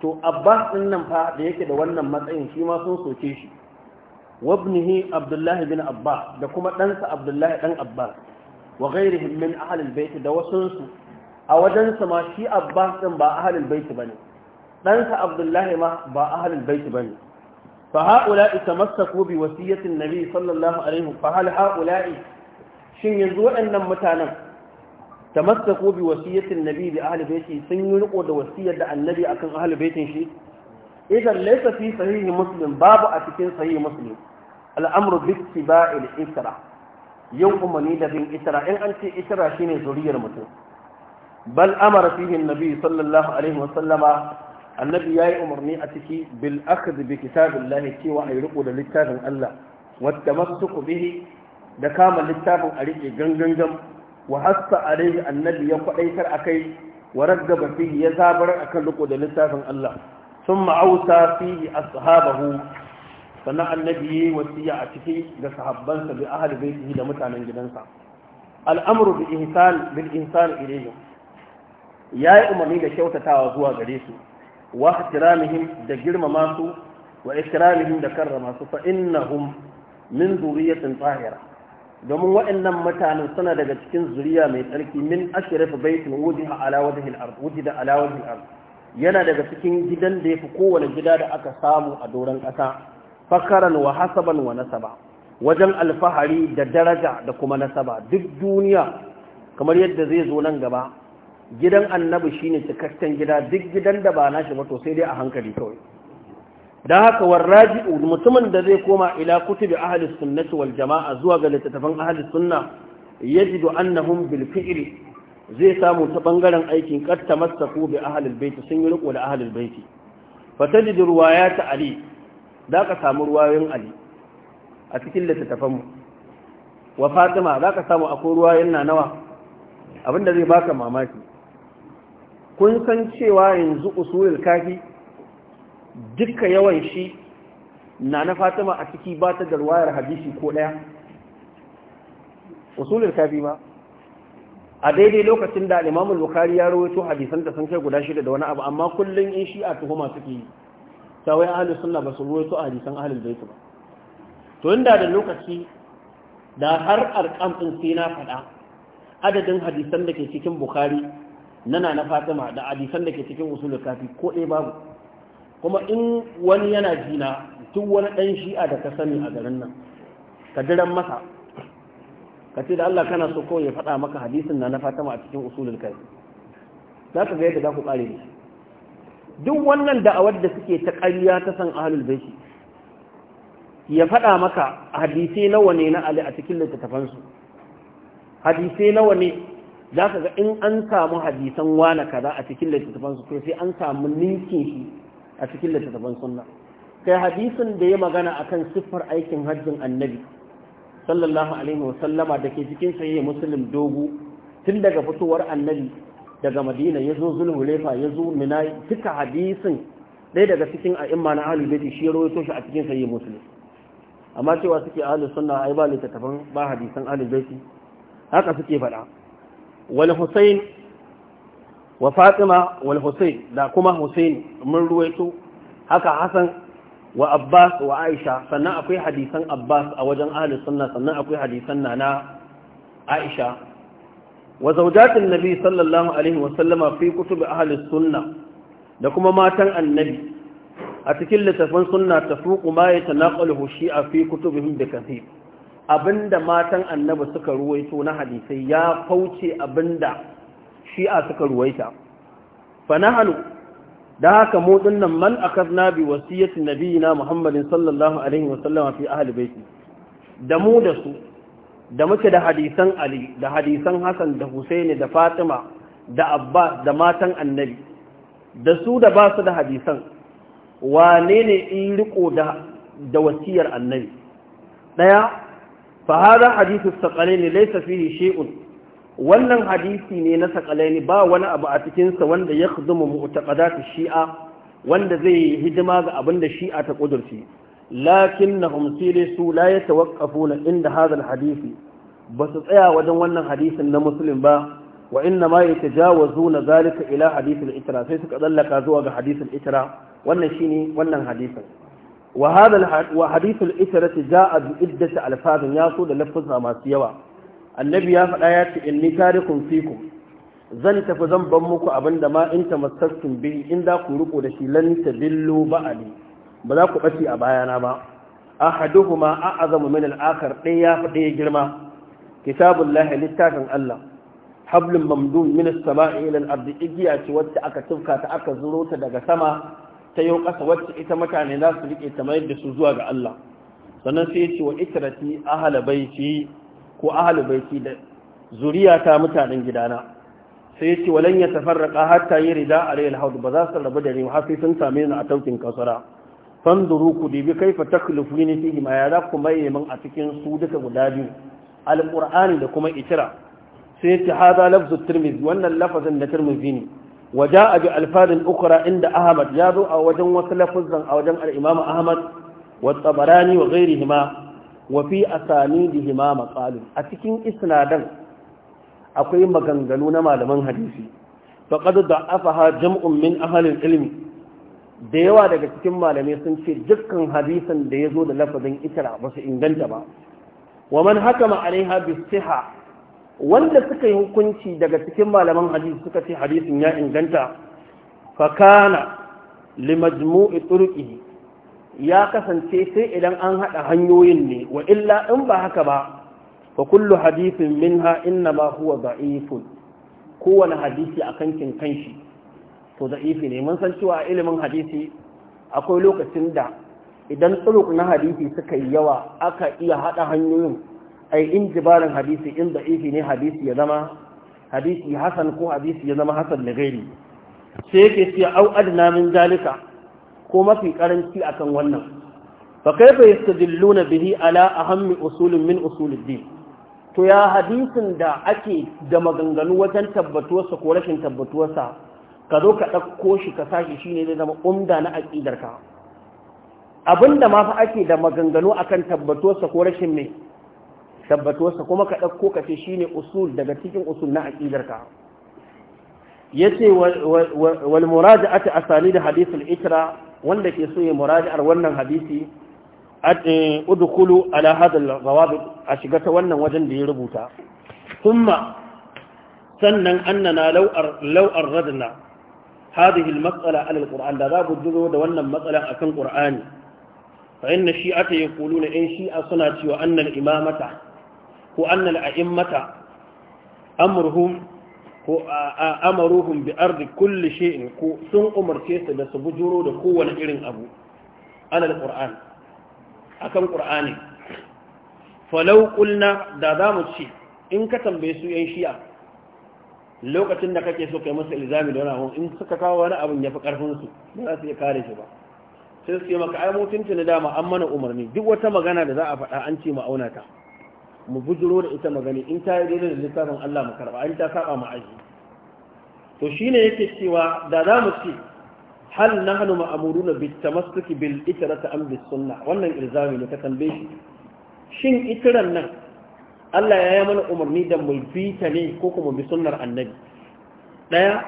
to abbas din nan fa da yake da wannan matsayin shi ma sun soke shi wabnihi abdullahi bin abbas da kuma ɗansa abdullahi ɗan abbas wa ghairihim min ahlil bait da wasunsu a wajensa ma shi abbas din ba ahlil bait bane ɗansa abdullahi ma ba ahlil bait bane فهؤلاء تمسكوا بوصية النبي صلى الله عليه وسلم فهل هؤلاء شن يزوء أن متانا تمسكوا بوصية النبي لأهل بيته سنينقوا دوصية النبي أكن أهل بيته شيء إذا ليس في صحيح مسلم باب أتكين صحيح مسلم الأمر باتباع الإسرة يوم منيد بن إسرة إن أنت إسرة شين زرير المسلم بل أمر فيه النبي صلى الله عليه وسلم annabi ya yi umarni a ciki bil akhd bi kitabillahi cewa ayi riko da littafin Allah wattamassuku bihi da kama littafin a rike gangan wa hassa alaihi annabi ya kwadaitar akai wa raggaba fihi ya zabar akan riko da littafin Allah thumma awsa fihi ashabahu sannan annabi wasiya a ciki ga sahabbansa bi ahli baitihi da mutanen gidansa al'amuru bil ihsan bil ihsan yayi umarni da kyautatawa zuwa gare su wa ihtiramihim da girmama su wa ikramihim da karrama su fa innahum min zuriyatin tahira domin waɗannan mutanen suna daga cikin zuriya mai tsarki min ashraf baitin wujiha ala wajhil ard wujida ala wajhil ard yana daga cikin gidan da yafi kowane gida da aka samu a doron ƙasa fakaran wa hasaban wa nasaba wajen alfahari da daraja da kuma nasaba duk duniya kamar yadda zai zo nan gaba gidan annabi shine cikakken gida duk gidan da ba nashi ba to sai dai a hankali kawai Da haka warraji mutumin da zai koma ila kutubi ahli sunnati wal jamaa zuwa ga littattafan ahli sunna yajidu annahum bil fi'li zai samu ta bangaren aikin qad tamassaku bi ahli al bait sun yi riko da ahli al bait fatajid riwayat ali da ka samu ruwayoyin ali a cikin littattafan mu wa fatima za ka samu akwai ruwayoyin na nawa abinda zai baka mamaki kun san cewa yanzu usulul kafi duka yawan shi na na fatima a ciki ba ta garwayar hadisi ko ɗaya usulul kafi ma a daidai lokacin da imamu bukari ya rawaito hadisan da sun kai guda shida da wani abu amma kullum in shi a tuhuma suke yi tawai ahalus sunna ba su rawaito a hadisan ahalul baitu ba to inda da lokaci da har arqam din sai na faɗa adadin hadisan da ke cikin bukari nana na fatima da hadisan da ke cikin usulul kafi ko ɗaya babu kuma in wani yana jina tun wani ɗan shi'a da ka sani a garin nan ka diran masa ka ce da Allah kana so kawai ya faɗa maka hadisin na na fatima a cikin usulul kafi za ka ga yadda za ku ƙare ni? duk wannan da'awar da suke ta ƙarya ta san ahlul baiti ya faɗa maka hadisai nawa ne na Ali a cikin littattafansu hadisai nawa ne za ka ga in an samu hadisan wane kaza a cikin littattafan su sai an samu ninkin shi a cikin littattafan sunna kai hadisin da ya magana akan siffar aikin hajjin annabi sallallahu alaihi wa sallama da ke cikin sahih muslim dogo tun daga fitowar annabi daga madina ya zo zulhulefa ya zo mina duka hadisin ɗaya daga cikin a'imma na ahlul bayti shi ya rawaito shi a cikin sahih muslim amma cewa suke ahlus sunna ai ba littattafan ba hadisan ahlul bayti haka suke faɗa Wani husayn wa fatima wal husayn da kuma husayn mun ruwaito haka Hassan wa abbas wa aisha sannan akwai hadisan abbas a wajen ahli sunna sannan akwai hadisan nana aisha wa zawjatin nabi sallallahu alaihi wa sallama fi kutub ahli sunna da kuma matan annabi a cikin littafin sunna tafuqu ma yatanaqalu shi'a fi kutubihim bi kathir abinda matan annabi suka ruwaito na hadisai ya fauce abinda shi'a suka ruwaita fa da haka motsin nan man akazna bi wasiyyati nabiyina muhammadin sallallahu alaihi wa sallam fi ahli baiti da mu da su da muke da hadisan ali da hadisan Hassan da Hussaini da fatima da Abba da matan annabi da su da ba su da hadisan wane ne in riko da wasiyar annabi Ɗaya. فهذا حديث الثقلين ليس فيه شيء wannan hadisi ne na sakalaini ba wani abu a cikinsa wanda ya khuduma mu'taqadat shi'a wanda zai yi hidima ga abin da shi'a ta kudurci lakinnahum sire su la yatawaqqafuna inda hadha hadisi ba su tsaya wajen wannan hadisin na musulun ba wa inna ma yatajawazuna zalika ila hadisin itira sai suka tsallaka zuwa ga hadisin itira wannan wannan shine wannan hadisin za a وهذا وحديث ya so da lafisa masu yawa. Annabi ya faɗa ya آيات إني تارك فيكم zan tafi zan ban muku abin da ma in tamassaktum bihi in za ku riko da shi lan tadillu ba'ali ba za ku bace a bayana ba ahaduhuma a'azamu min al-akhar dai ya fi ɗaya girma kitabullahi littafin Allah hablum mamdun min samai ila al igiya ce wacce aka tufka ta aka zuro ta daga sama ta yau ƙasa wacce ita mutane za su riƙe ta mayar da su zuwa ga Allah sannan sai ce wa itrati ahla baiti ko ahlu baiti da ta mutanen gidana sai ce walan ya tafarraqa hatta a alayhi alhawd ba za su rabu da ni sai sun same ni a taukin kasara fanduru ku dibi kaifa taklifuni fihi ma ya za ku maye min a cikin su duka guda biyu alqur'ani da kuma itira sai ce hada lafzu Tirmizi, wannan lafazin da Tirmizi ne وجاء بألفاظ أخرى عند أحمد جابوا أو وجن وسلفزا أو وجن الإمام أحمد والطبراني وغيرهما وفي أسانيدهما مقال أتكين إسنادا أقوي مغنغلون ما لمن حديثي فقد ضعفها جمع من أهل العلم da yawa daga cikin malamai sun ce dukkan hadisan da ya zo da lafazin ikra ba su inganta ba wa man hakama alaiha bisiha wanda suka yi hukunci daga cikin malaman hadisi suka ce hadisin ya inganta fakana limajmu'i turqi ya kasance sai idan an hada hanyoyin ne wa illa in ba haka ba fa kullu hadisin minha inna ma huwa da'ifun kowane hadisi akan kin kanshi to da'ifi ne mun san cewa ilimin hadisi akwai lokacin da idan tsuruk na hadisi suka yi yawa aka iya hada hanyoyin ai in jibarin hadisi in da ifi ne hadisi ya zama hadisi hasan ko hadisi ya zama hasan da gairi sai yake siya au adna min zalika ko mafi karanci akan wannan fa kaifa yastadilluna bihi ala ahammi usulin min usuliddin to ya hadisin da ake da maganganu wajen tabbatuwarsa ko rashin tabbatuwarsa ka zo ka ɗauko shi ka sashi shine zai zama umda na aƙidarka abinda ma fa ake da maganganu akan tabbatuwarsa ko rashin mai tabbatuwarsa kuma ka ɗauko ka ce shine usul daga cikin usul na aqidarka yace wal muraja'atu asanid hadith al itra wanda ke so ya murajiar wannan hadisi eh, udkhulu ala hadha al a shiga ta wannan wajen da ya rubuta thumma sannan annana law law arradna hadhihi al mas'ala ala al qur'an da za bujuro da wannan matsalan akan qur'ani fa inna shi'ata yaquluna 'yan shi'a suna cewa annan imamata ko annal a amruhum ko amaruhum bi ardi kulli ko sun umarce su da su bujuro da kowane irin abu alal qur'an akan qur'ani falau Kulna, da zamu ce in ka tambaye su yan shi'a lokacin da kake so kai masa ilzami da wani abu in suka kawo wani abin ya fi karfin su ba za su iya kare shi ba sai su yi maka ai mutunci na dama an mana umarni duk wata magana da za a faɗa an ce mu auna ta mu bujiro da ita magani in ta yi daidai da littafin Allah mu karba in ta saba mu aji to shine yake cewa da za mu ce hal nahnu ma'muruna bit tamassuki bil itrati am bis sunnah wannan ilzami ne ta tambaye shi shin itiran nan Allah ya yi mana umarni da mu bi ta ne ko kuma bi sunnar annabi daya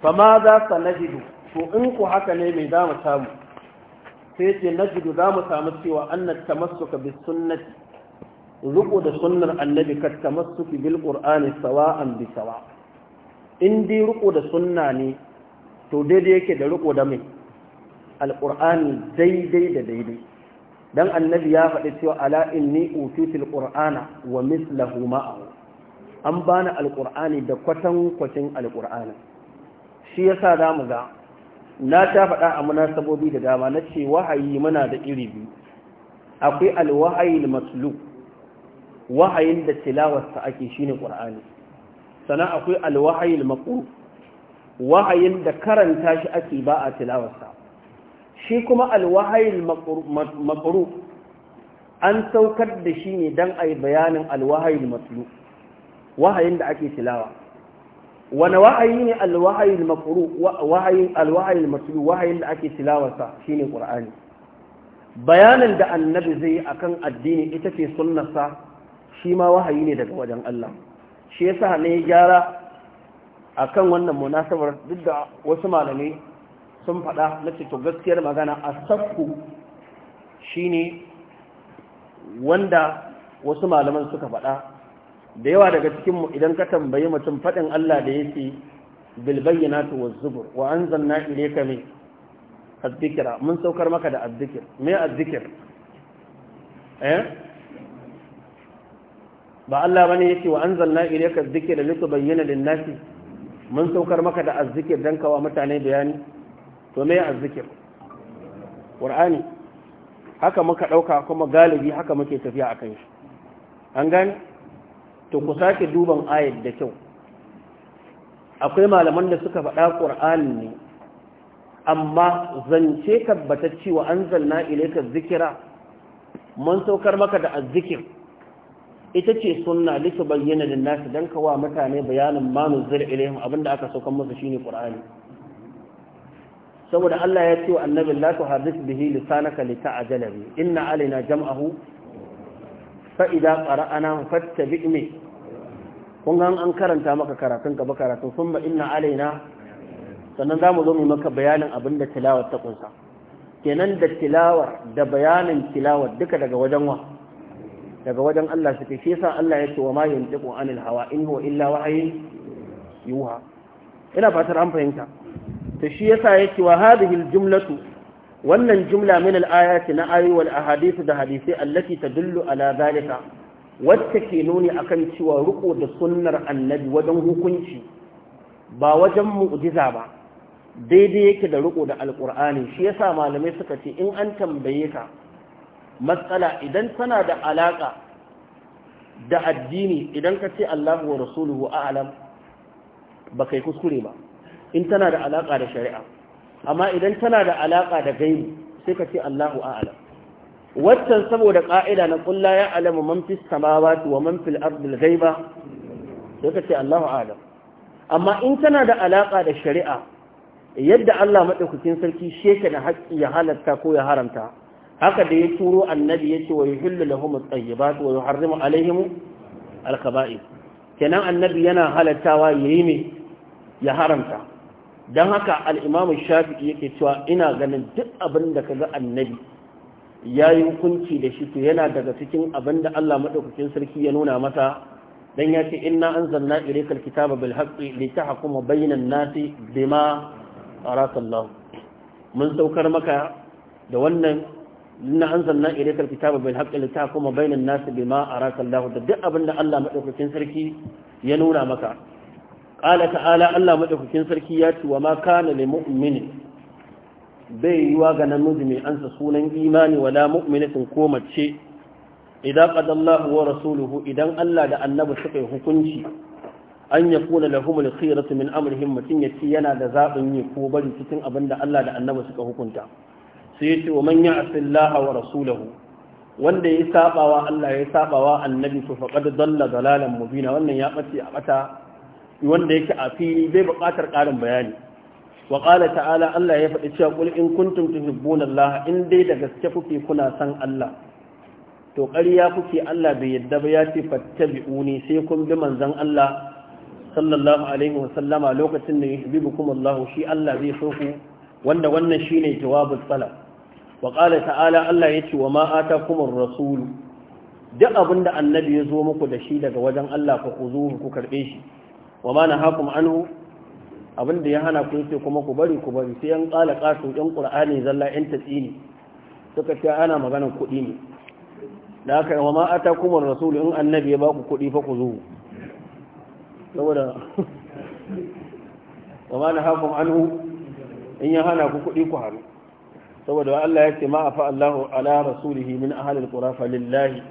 fa ma za sa najidu to in ku haka ne mai mu samu sai ce najidu mu samu cewa annat tamassuka bis sunnati riko da sunnar annabi ka fi bil sawa an bi sawa in dai riko da sunna ne to daidai yake da riko da mai Alƙur'ani daidai da daidai dan annabi ya faɗi cewa ala inni utitul ƙur'ana wa mislahu ma'ahu an bani alƙur'ani da kwatan kwatin alqur'ani shi yasa mu ga na ta faɗa a munasabobi da dama na ce wahayi muna da iri biyu akwai alwahayi maslu wahayin da tilawarsa ake shi ne qur'ani sannan akwai alwahayin maqru wahayin da karanta shi ake ba a tilawarsa shi kuma alwahayin maqru an saukar da shi ne don a yi bayanin alwahayin matlu wahayin da ake tilawa wani wahayi ne alwahayin maqru wahayin alwahayil matlu wahayin da ake tilawarsa shi ne qur'ani bayanin da annabi zai yi akan addini ita ce sunnarsa shi ma wahayi ne daga wajen Allah shi yasa ne gyara akan wannan munasabar duk da wasu malamai sun faɗa na to gaskiyar magana a sakku shine wanda wasu malaman suka faɗa da yawa daga cikinmu idan ka tambayi mutum faɗin Allah da ya yake bilbayyanatu wazzubur wa an zanna anzalna ka min addikira mun saukar maka da addikir mai addikir eh? ba Allah bane yake wa anzalna ilayka dhikra litubayyana lin-nasi mun saukar maka da azzikir dan kawo mutane bayani to me azzikir qur'ani haka muka dauka kuma galibi haka muke tafiya akan shi an gane to ku sake duban ayat da kyau akwai malaman da suka faɗa Qur'ani ne amma zance tabbatacci wa an zalna ilaika zikira mun saukar maka da azzikir ita ce sunna lita bayyana da nasu don kawa mutane bayanin manu zira ilayhim abinda aka saukan masa shine qur'ani saboda Allah ya ce wa annabi la tuhaddith bihi lisanaka lita'jala bi inna alaina jam'ahu fa idza qara'ana fattabi'ni kun ga an karanta maka karatun gaba karatun thumma inna alaina sannan za mu zo mu maka bayanin abin da tilawar ta kunsa kenan da tilawar da bayanin tilawar duka daga wajen wa daga wajen Allah suke shi yasa Allah ya ce wa ma yantiqu anil hawa in huwa illa wahyin yuha ina fatar an fahimta to shi yasa yake wa hadhihi aljumlatu wannan jumla min ce na ayi wal ahadith da hadisi allati tadullu ala zalika wacce ke nuni akan cewa riko da sunnar annabi wajen hukunci ba wajen mu'jiza ba daidai yake da riko da alqur'ani shi yasa malamai suka ce in an tambaye ka matsala idan tana da alaƙa da addini idan ka ce Allah wa rasuluhu a'lam ba kai kuskure ba in tana da alaƙa da shari'a amma idan tana da alaƙa da gaibi sai ka ce Allahu a'lam waccan saboda ƙa'ida na kullu ya alamu man fis samawati wa man fil ardi al ghaiba sai ka ce Allahu a'lam amma in tana da alaƙa da shari'a yadda Allah madaukakin sarki sheka da haƙƙi ya halatta ko ya haramta haka da ya turo annabi ya ce wa yuhillu lahum at-tayyibat wa yuharrimu alaihim al kenan annabi yana halattawa yayi ne ya haramta dan haka al-imam shafi'i yake cewa ina ganin duk abin da kaga annabi yayi hukunci da shi to yana daga cikin abin da Allah madaukakin sarki ya nuna mata dan ya ce inna anzalna ilaykal kitaba bil haqqi hakuma bainan nasi bima araka mun saukar maka da wannan inna anzalna ilaykal kitaba bil haqqi litahkuma bainan nas bima araka Allah da duk abin da Allah madaukakin sarki ya nuna maka qala ta'ala Allah madaukakin sarki ya ce wa ma kana lil mu'min bai yiwa ga namiji mai ansa sunan imani wala mu'minatin ko mace idan qadallahu wa rasuluhu idan Allah da annabi suka yi hukunci an ya kuna lahum al-khiyaratu min amrihim mutun yace yana da zaɓin yi ko bari cikin abin da Allah da annabi suka hukunta sai ya ce wa man ya'si Allah wa rasulahu wanda ya sabawa Allah ya sabawa annabi to faqad dalla dalalan mubina wannan ya bace a bata wanda yake a fili bai buƙatar ƙarin bayani wa qala ta'ala Allah ya faɗi cewa qul in kuntum tuhibbuna Allah in dai da gaske kuke kuna san Allah to ƙarya kuke Allah bai yadda ba ya ce fattabi'uni sai kun bi manzon Allah sallallahu alaihi wa sallama lokacin da yuhibbukum Allah shi Allah zai so ku wanda wannan shine jawabul tsala. wa ƙala ta'ala Allah ya ce wa ma'ata kuma rasulu duk abin da annabi ya zo muku da shi daga wajen Allah ku ku zo ku karɓe shi wa ma na hakum anhu abin da ya hana ku yace kuma ku bari ku bari sai an ƙala ƙasu ɗan ƙur'ani zalla ɗan tatsini suka ce ana maganar kuɗi ne da haka wa ma'ata kuma rasulu in annabi ya ba ku kuɗi fa ku zo saboda <laughs> wa ma na hakum anhu in ya hana ku kuɗi ku hannu saboda Allah ya ce ma afa Allahu ala rasulihi min ahli alqura fa lillahi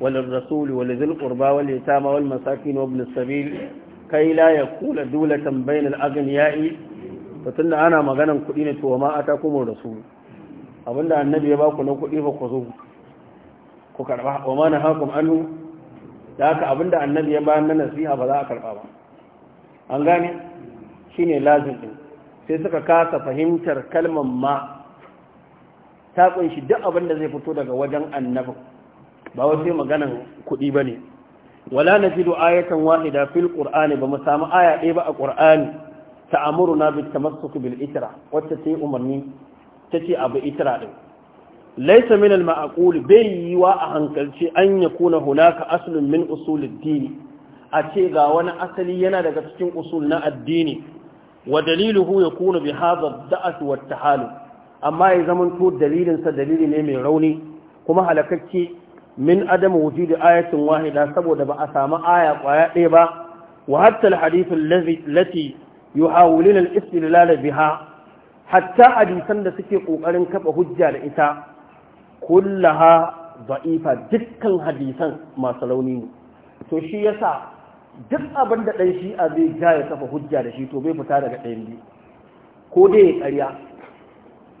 wal rasul wal dhil qurba wal yatama wal masakin wa ibn sabil kai la yakula dulatan bain al aghniya'i to tunda ana maganan kudi ne to ma ata kuma rasul abinda annabi ya baku na kudi ba ku zo ku karba wa ma nahakum anhu da haka abinda annabi ya bayar na nasiha ba za a karba ba an gane shine lazim din sai suka kasa fahimtar kalmar ma ta kunshi duk abin da zai fito daga wajen annabin ba wasu maganan kuɗi ba ne wala najidu ayatan wahida fil qur'ani ba mu samu aya ɗaya ba a qur'ani na bit tamassuk bil itra wacce yi umarni tace abu itra ɗin. laisa min al ma'qul bai yiwa a hankalci an yakuna hunaka aslun min usulid din a ce ga wani asali yana daga cikin usul na addini wa daliluhu yakunu bi hadha ad-da'at wat tahalul amma ya zaman to dalilinsa dalili ne mai rauni kuma halakakke min adam wujudi ayatin wahida saboda ba a samu aya kwaya ɗaya ba wa hatta alhadith allati yuhawiluna al-istilal biha hatta hadisan da suke kokarin kafa hujja da ita kullaha da'ifa dukkan hadisan masu launi ne to shi yasa duk abin da ɗan shi'a zai ja ya kafa hujja da shi to bai fita daga ɗayan biyu ko dai ya ƙarya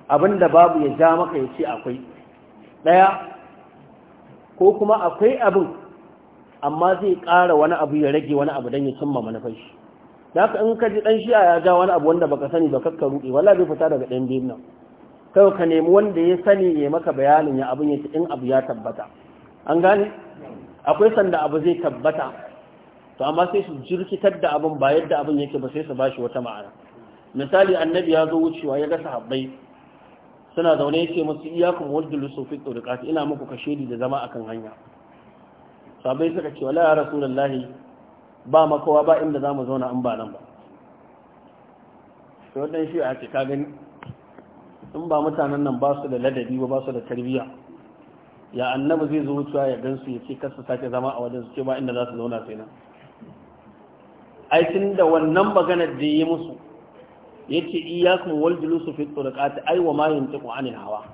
abinda babu ya ja maka ya ce akwai ɗaya ko kuma akwai abin amma zai ƙara wani abu ya rage wani abu don ya cimma manufar shi haka in ka ji ɗan shi'a ya ja wani abu wanda baka sani ba kakka ruɗe wala zai fita daga ɗan biyun nan kawai ka nemi wanda ya sani ya maka bayanin ya abin ya in abu ya tabbata an gane akwai sanda abu zai tabbata to amma sai su jirkitar da abin ba yadda abin yake ba sai su ba shi wata ma'ana misali annabi ya zo wucewa ya ga sahabbai suna zaune yake musu iyakum waddulu sufi turqat ina muku kashedi da zama akan hanya sabai suka ce wala ya rasulullahi ba makawa ba inda zamu zauna an ba nan ba Sai wannan shi a ce ka gani in ba mutanen nan ba su da ladabi ba su da tarbiyya ya annabi zai zo wucewa ya gansu ya ce kar su sake zama a wajen su ce ba inda za su zauna sai nan ai tun da wannan maganar da yi musu yace iyyakum wal julusu fi turqati ay wa ma yantiqu anil hawa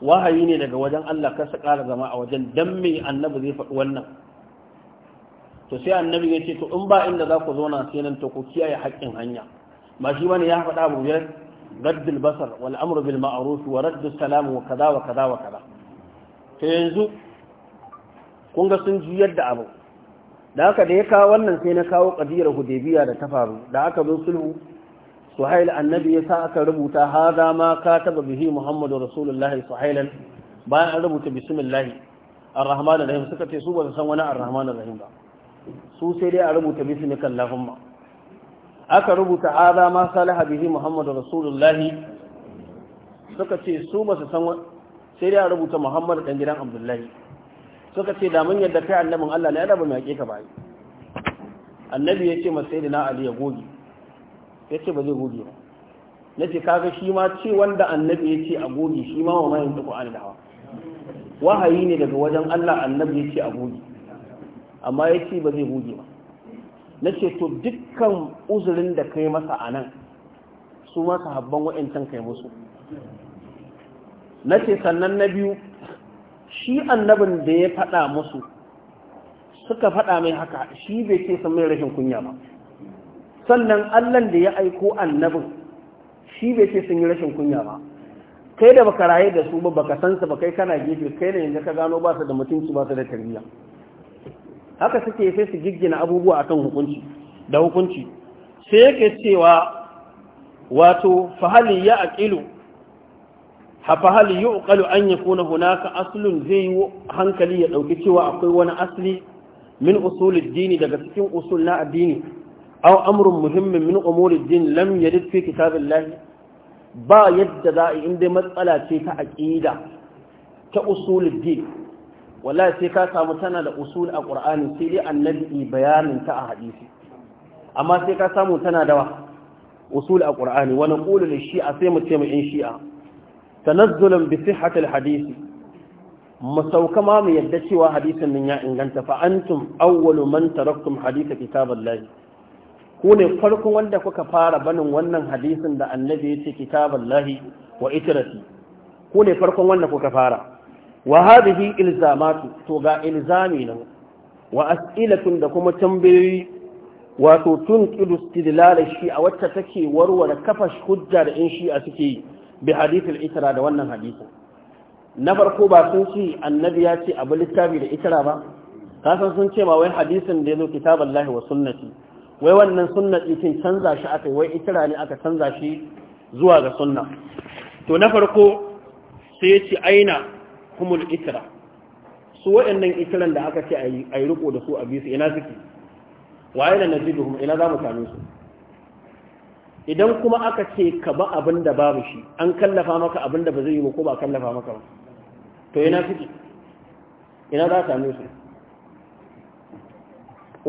wahayi ne daga wajen Allah kasa kara zama a wajen dan me annabi zai faɗi wannan to sai annabi ya ce to in ba inda za ku zauna sai nan to ku kiyaye haƙƙin hanya ba shi bane ya faɗa abu biyar gaddul basar wal amru bil ma'ruf wa raddus salam wa kaza wa kaza wa kaza to yanzu kun ga sun juyar da abu da haka da ya kawo wannan sai na kawo kadiyar hudaybiya da ta faru da aka zo sulhu suhail annabi ya sa aka rubuta hada ma kataba bihi muhammadu rasulullahi suhailan bayan an rubuta bismillahi ar-rahman rahim suka ce su ba su san wani ar-rahman rahim ba su sai dai a rubuta bismika allahumma aka rubuta hada ma salaha bihi muhammadu rasulullahi suka ce su ba su san sai dai a rubuta muhammadu dan gidan abdullahi suka ce da mun yadda kai annabin Allah ne ya adaba mai yake ka bai annabi ya ce masai ali ya goge ya ce ba zai goge ba na ce kaga shi ma ce wanda annabi ya ce a goge shi ma wa mayin tuku da hawa wahayi ne daga wajen Allah annabi ya ce a goge amma ya ce ba zai goge ba na ce to dukkan uzurin da kai masa a nan su ma sahabban wa'ancan kai musu na ce sannan na biyu shi annabin da ya faɗa musu suka faɗa mai haka shi bai ce sun mai rashin kunya ba sannan allan da ya aiko annabin shi bai ce sun yi rashin kunya ba kai da baka raye da su ba baka san su ba kai kana gefe kai ne yanzu ka gano ba su da mutunci ba su da tarbiyya haka suke sai su giggina abubuwa akan hukunci da hukunci sai yake cewa wato fahali ya aqilu fahali yuqalu an yakuna hunaka aslun zai yi hankali ya ɗauki cewa akwai wani asli min usulun dini daga cikin usul na addini Au amrun muhimmin min umuri din lam yarid fi kitabillahi ba yadda za in dai matsala ce ta aqida ta usulul din wallahi sai ka samu tana da usul a qur'ani sai dai annabi bayanin ta a hadisi amma sai ka samu tana da usul a ƙur'ani. Wani naqulu shi'a sai mu ce mu in shi'a tanazzulan bi sihhatil hadisi sauka ma mu yadda cewa hadisin nan ya inganta fa antum awwalu man taraktum hadith kitaballahi ku ne farkon wanda kuka fara banin wannan hadisin da annabi ya ce kitabun lahi wa itirati ku ne farkon wanda kuka fara wa hadhihi ilzamatu to ga ilzami nan wa as'ilatun da kuma tambayoyi wato tunqidu da shi a wacce take warware kafa hujja da in shi a suke bi hadithul itira da wannan hadisin na farko ba sun ce annabi ya ce abu littafi da itira ba kasan sun ce ma wai hadisin da ya zo lahi wa sunnati wai wannan sunna ɗin canza shi aka yi wai itira ne aka canza shi zuwa ga sunna to na farko sai ya ce aina kumul itira su waɗannan itiran da aka ce a yi riko da su a bisu ina suke waye da najiduhum ina za mu same su idan kuma aka ce ka ba abin da babu shi an kallafa maka abin da ba zai yi ba ko ba kallafa maka ba to ina suke ina za ka same su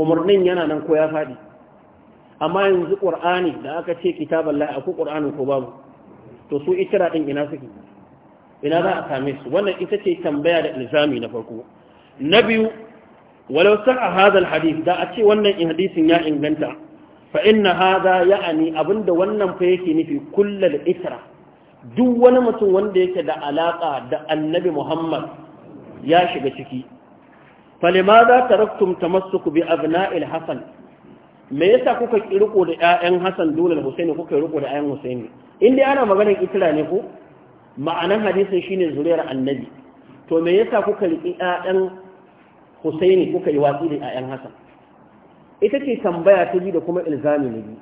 umarnin yana nan ko ya faɗi amma yanzu ƙur'ani da aka ce kitabar lahi akwai ƙur'anin ko babu to su itira ɗin ina suke ina za a same su wannan ita ce tambaya da ilzami na farko na biyu walau san a hadal hadis da a ce wannan hadisin ya inganta fa inna hada ya'ani abinda wannan fa yake nufi da isra duk wani mutum wanda yake da alaka da annabi Muhammad ya shiga ciki falima za ta raktum tamassuku bi abna'il hasan me yasa kuka ki riko da ƴaƴan Hassan dole da Husaini kuka riko da ƴaƴan Husaini in dai ana maganar itira ne ko ma'anan hadisin shine zuriyar annabi to me yasa kuka riki ƴaƴan Husaini kuka yi watsi da ƴaƴan Hassan ita ce tambaya ta bi da kuma ilzami ne bi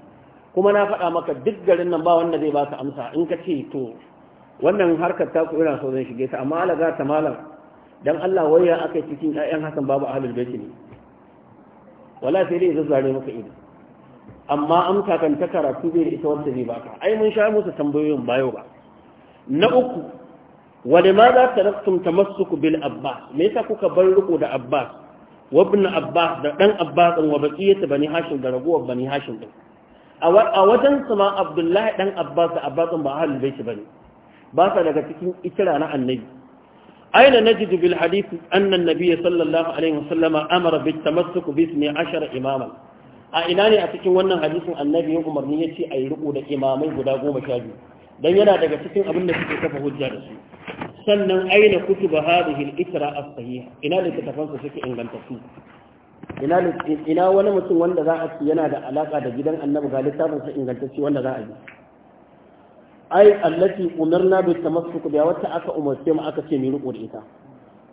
kuma na faɗa maka duk garin nan ba wanda zai baka amsa in ka ce to wannan harkar ta ku ina so zan shige ta amma Allah ga ta malam dan Allah ya aka cikin ƴaƴan Hassan babu ahlul bait ne wala sai dai zazzare maka ido amma an kan ta karatu bai da ita wanda zai baka ai mun sha musu tambayoyin bayo ba na uku wani ma za ta raktum tamassuku bil Abba me yasa kuka bar riko da abba wa ibn abbas da dan din wa baqiyatu bani hashim da raguwar bani hashim din a wajen su ma abdullahi dan abbas da din ba bai ci bane ba sa daga cikin ikira na annabi أين نجد في الحديث أن النبي صلى الله عليه وسلم أمر بالتمسك باثني عشر إماما أعناني أتكين وانا حديث النبي يقمر نيتي أي رؤود إمامين قد أقوم شاجو dan yana daga cikin abinda da suke kafa hujja da su sannan aina kutuba hadhihi al-itra as-sahiha ina ne suke inganta ina wani mutum wanda za a ci yana da alaka da gidan annabi ga littafin sa wanda za a yi ai allati umarna bi tamassuk biya wata aka umarce mu aka ce mu riko da ita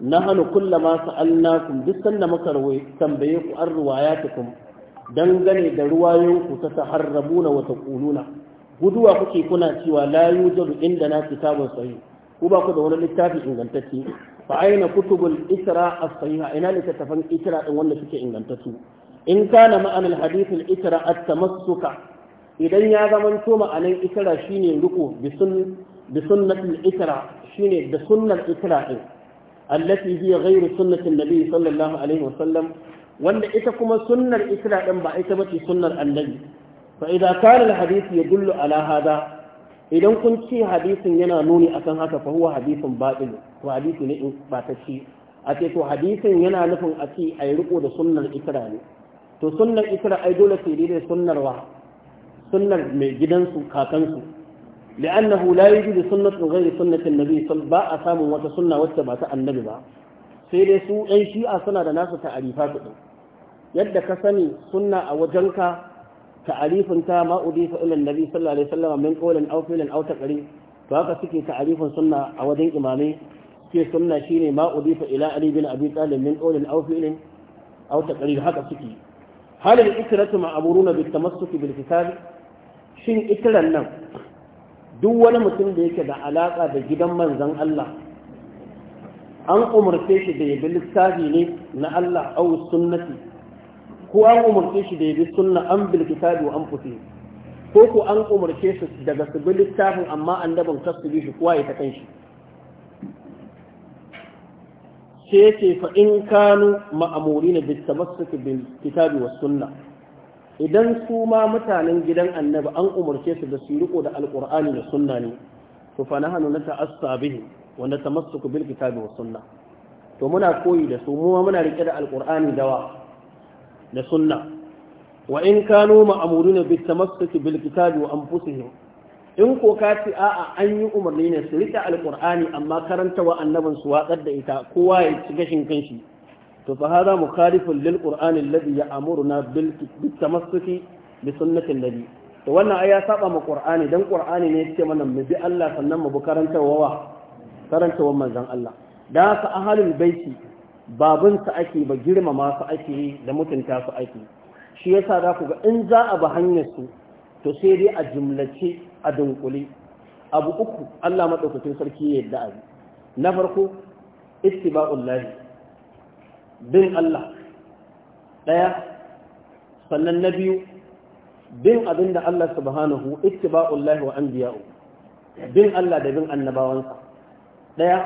nahanu kullama sa'alnakum duk sanda muka rawaye tambaye ku an ruwayatukum dangane da ruwayoyinku ta taharrabuna wa taquluna guduwa kuke kuna cewa la yujadu inda na kitabun sahih ku ba ku da wani littafi ingantacce fa aina kutubul isra as-sahiha ina littattafan isra din wanda suke ingantattu in kana ma'anar hadithul isra at-tamassuka idan ya zamanto ma'anin ikira shine riko bi sunnatul ikira shine da sunnar ikira din allati hiya ghairu sunnatin nabi sallallahu alaihi wasallam wanda ita kuma sunnar ikira din ba ita bace sunnar annabi fa idza kana alhadith yadullu ala hada idan kun ce hadisin yana nuni akan haka fa huwa hadithun batil to hadisi ne in batacci a ce to hadisin yana nufin a ce ai riko da sunnar ikira ne to sunnar ikira ai dole sai dai sunnar wa sunnar mai gidansu kakansu li'annahu la yajidu sunnatun ghairi sunnatin nabi ba a samun wata sunna wacce ba ta annabi ba sai dai su ɗan shi'a suna da nasu ta'arifa su yadda ka sani sunna a wajenka ta'arifin ta ma udifa ila annabi sallallahu alaihi wasallam min qawlin aw fi'lin aw taqrir to haka suke ta'arifin sunna a wajen imamai suke sunna shine ma udifa ila ali bin abi talib min qawlin aw fi'lin aw taqrir haka suke هل الإكرة معبورون بالتمسك بالكتاب shin itiran nan duk wani mutum da yake da alaƙa da gidan manzan Allah an umarce shi da yabi littafi ne na Allah au sunnati ko an umarce shi da yabi sunna an bil kitabi wa an fusi ko ko an umarce shi daga su bi littafin amma annabin kasu bi shi kuwa ita kan shi sai ce fa in kanu ma'amuri na bitabassuki bil kitabi wa sunna idan su ma mutanen gidan annabi an umarce su da su riko da alkur'ani da sunna ne to fa nahnu nata'assa bihi wa natamassaku bil kitabi wa sunna to muna koyi da su mu ma muna rike da alkur'ani dawa da sunna wa in kanu ta masu tamassuki bil kitabi wa anfusihim in ko ka ce a'a an yi umarni ne su rike alkur'ani amma karanta wa annabin su watsar da ita kowa ya ci gashin kanshi to fa hada mukhalifun lil qur'ani alladhi ya'muruna bil tamassuki bi sunnati nabi to wannan aya ya saba ma qur'ani dan qur'ani ne yake mana mu bi Allah sannan mu bi karantawa wa manzon Allah da ka ahalul baiti babun sa ake ba girmama su ake da mutunta su ake shi yasa za ku ga in za a bi hanyar su to sai dai a jumlace a dunkule abu uku Allah madaukakin sarki ya yadda a na farko ittiba'ullahi bin Allah ɗaya sannan na biyu bin abin da Allah subhanahu ittiba'ullahi wa anbiya'u bin Allah da bin annabawansa ɗaya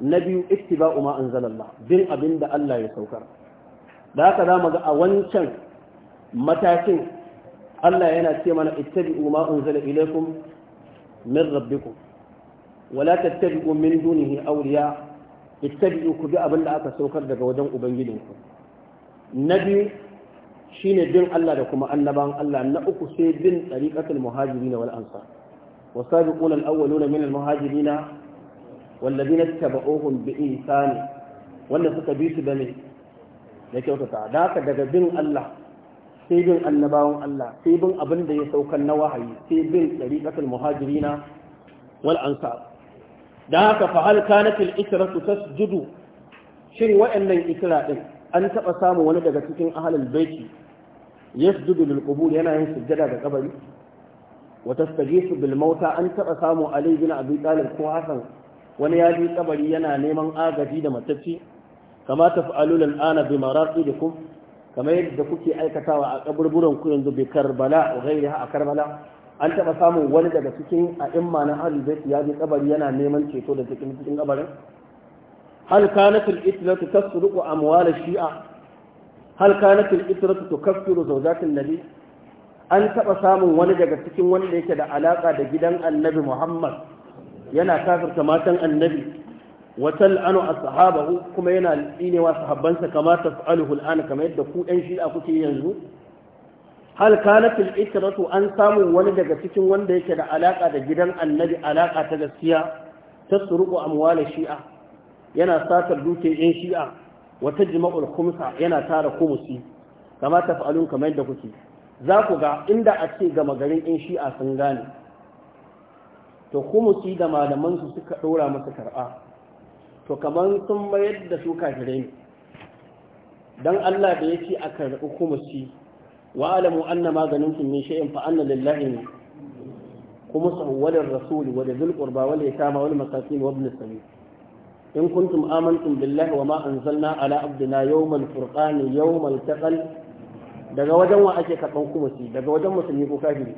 na biyu ittiba'u ma anzalallah bin abin da Allah ya saukar da haka za mu ga a wancan matakin Allah yana ce mana ittabi'u ma an unzila ilaikum min rabbikum wala tattabi'u min dunihi awliya ittabi'u ku bi abin da aka saukar daga wajen ubangijinku na biyu shine bin Allah da kuma annaban Allah na uku sai bin tariqatul muhajirin wal ansar wasabiqun al awwalun min al muhajirin wal ladina tabauhum bi ihsan wanda suka bi su da ne da kyautata da haka daga bin Allah sai bin annabawan Allah sai bin abin da ya saukar na wahayi sai bin tariqatul muhajirin wal ansar da haka fa hal kanat al isratu tasjudu shin wayannan isra din an taba samu wani daga cikin ahlul baiti yasjudu lil qubur yana yin sujjada ga kabari wa tastajisu bil mauta an taba samu ali bin abi talib ko hasan wani ya ji kabari yana neman agaji da matacci kama taf'alul al'ana bi maraqidikum kamar yadda kuke aikatawa a kaburburan ku yanzu bi karbala wa ghairiha a karbala an taɓa samun wani daga cikin a'imma na ahlul ya je kabari yana neman ceto da cikin cikin kabarin hal kanat al itratu tasruqu amwal shi'a hal kanat al itratu tukaffiru zawjat an nabi an taɓa samun wani daga cikin wanda yake da alaka da gidan annabi muhammad yana kafirta matan annabi wa tal'anu ashabahu kuma yana tsinewa sahabbansa kama tas'aluhu al'ana kama yadda ku ɗan shi'a kuke yanzu hal kanat al-itratu an samu wani daga cikin wanda yake da alaka da gidan annabi alaka ta gaskiya ta suruku amwal shi'a yana satar yan shi'a wa tajma'ul khumsa yana tara kumusi kama taf'alun kamar yadda kuke za ku ga inda a ce gama garin yan shi'a sun gane to kumusi da malaman su suka dora masa kar'a to kamar sun mayar da su kafirai ne dan Allah da yake aka rubu kumusi wa alamu maganin ma ganimtum min shay'in fa anna lillahi kuma sahwalar rasul wa dhil qurba wal yatama wal masakin wa ibn sabil in kuntum amantum billahi wa ma daga wajen wa ake karɓar kumasi? daga wajen musulmi ko kafiri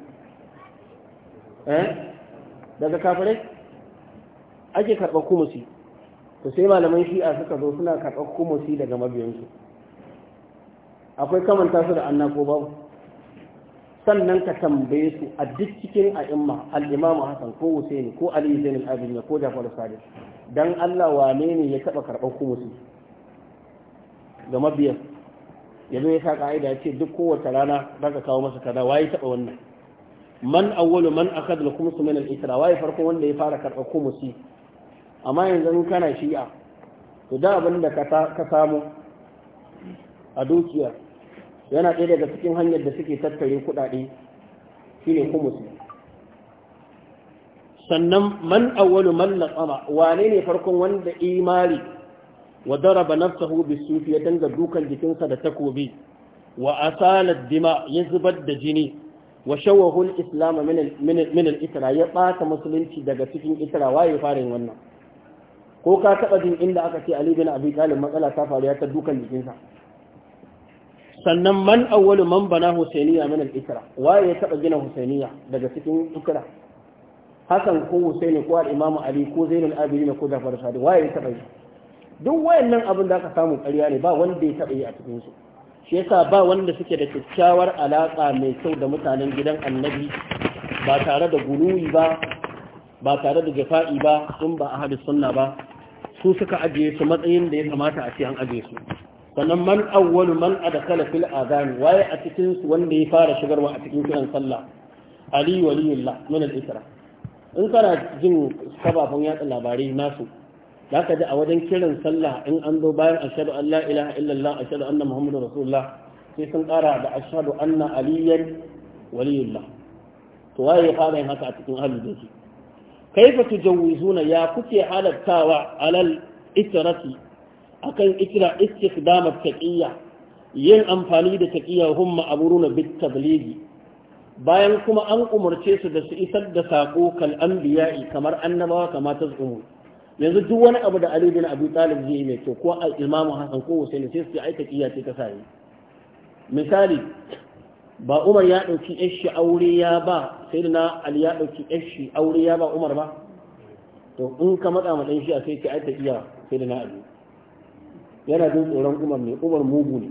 eh daga kafirai ake karɓar kumasi? to sai malaman shi'a suka zo suna karɓar kumasi daga mabiyansu akwai kamanta su da annan ko babu sannan ka tambaye su a duk cikin a'imma al ko husaini ko ali zain al ko jafar sadiq dan Allah wane ne ya taba karɓar kumusi ga mabiyan yanzu ya sa ka'ida ce duk kowace rana za ka kawo masa kaza waye taɓa wannan man awwalu man akhadha lakum min al-isra waye farko wanda ya fara karɓar kumusi amma yanzu kana shi'a to da abin da ka samu a dukiyar yana ɗaya daga cikin hanyar da suke tattare kuɗaɗe shine kumusi sannan man awwalu man laqama wane ne farkon wanda imari wa daraba nafsahu bisufi ya danga dukan jikinsa da takobi wa asalat dima ya zubar da jini wa shawahu al-islam min al-itra ya ɓata musulunci daga cikin itra waye farin wannan ko ka taba jin inda aka ce ali bin abi talib matsala ta faru ya ta dukan jikinsa sannan man awwalu man bana husainiya min al-ikra waye ya taba gina husainiya daga cikin ikra hasan ko husaini ko al-imam ali ko zainul abidin ko jafar sadiq wa ya taba duk wayannan abin da aka samu ƙarya ne ba wanda ya taba yi a cikin su shi yasa ba wanda suke da kyakkyawar alaka mai kyau da mutanen gidan annabi ba tare da guluyi ba ba tare da jafa'i ba In ba ahadus sunna ba su suka ajiye su matsayin da ya kamata a ce an ajiye su sannan man awwalu man adkhala fil adhan waye a cikin su wanda ya fara shigarwa a cikin kiran sallah ali waliyullah min al-isra in kana jin sababin yatsa labarai nasu za ka ji a wajen kiran sallah in an zo bayan ashhadu an la ilaha illallah ashhadu anna muhammadur rasulullah sai sun kara da ashhadu anna aliyan waliyullah to waye ya fara yin haka a cikin ahlul bayt kaifa tujawizuna ya kuke halattawa alal itrati akan ikira istikhdamar taqiyya yin amfani da taqiyya humma aburuna bit tablighi bayan kuma an umarce su da su isar da sako kal anbiya'i kamar annabawa kamar tazumu yanzu duk wani abu da Ali bin Abi Talib zai mai to ko Imam Hassan ko Hussein sai su aika taqiyya ce ta sai misali ba Umar ya dauki yashi aure ya ba sai na Ali ya dauki yashi aure ya ba Umar ba to in ka matsa ma dan shi a sai ki aika taqiyya sai na Ali yana jin tsoron umar ne umar mugu ne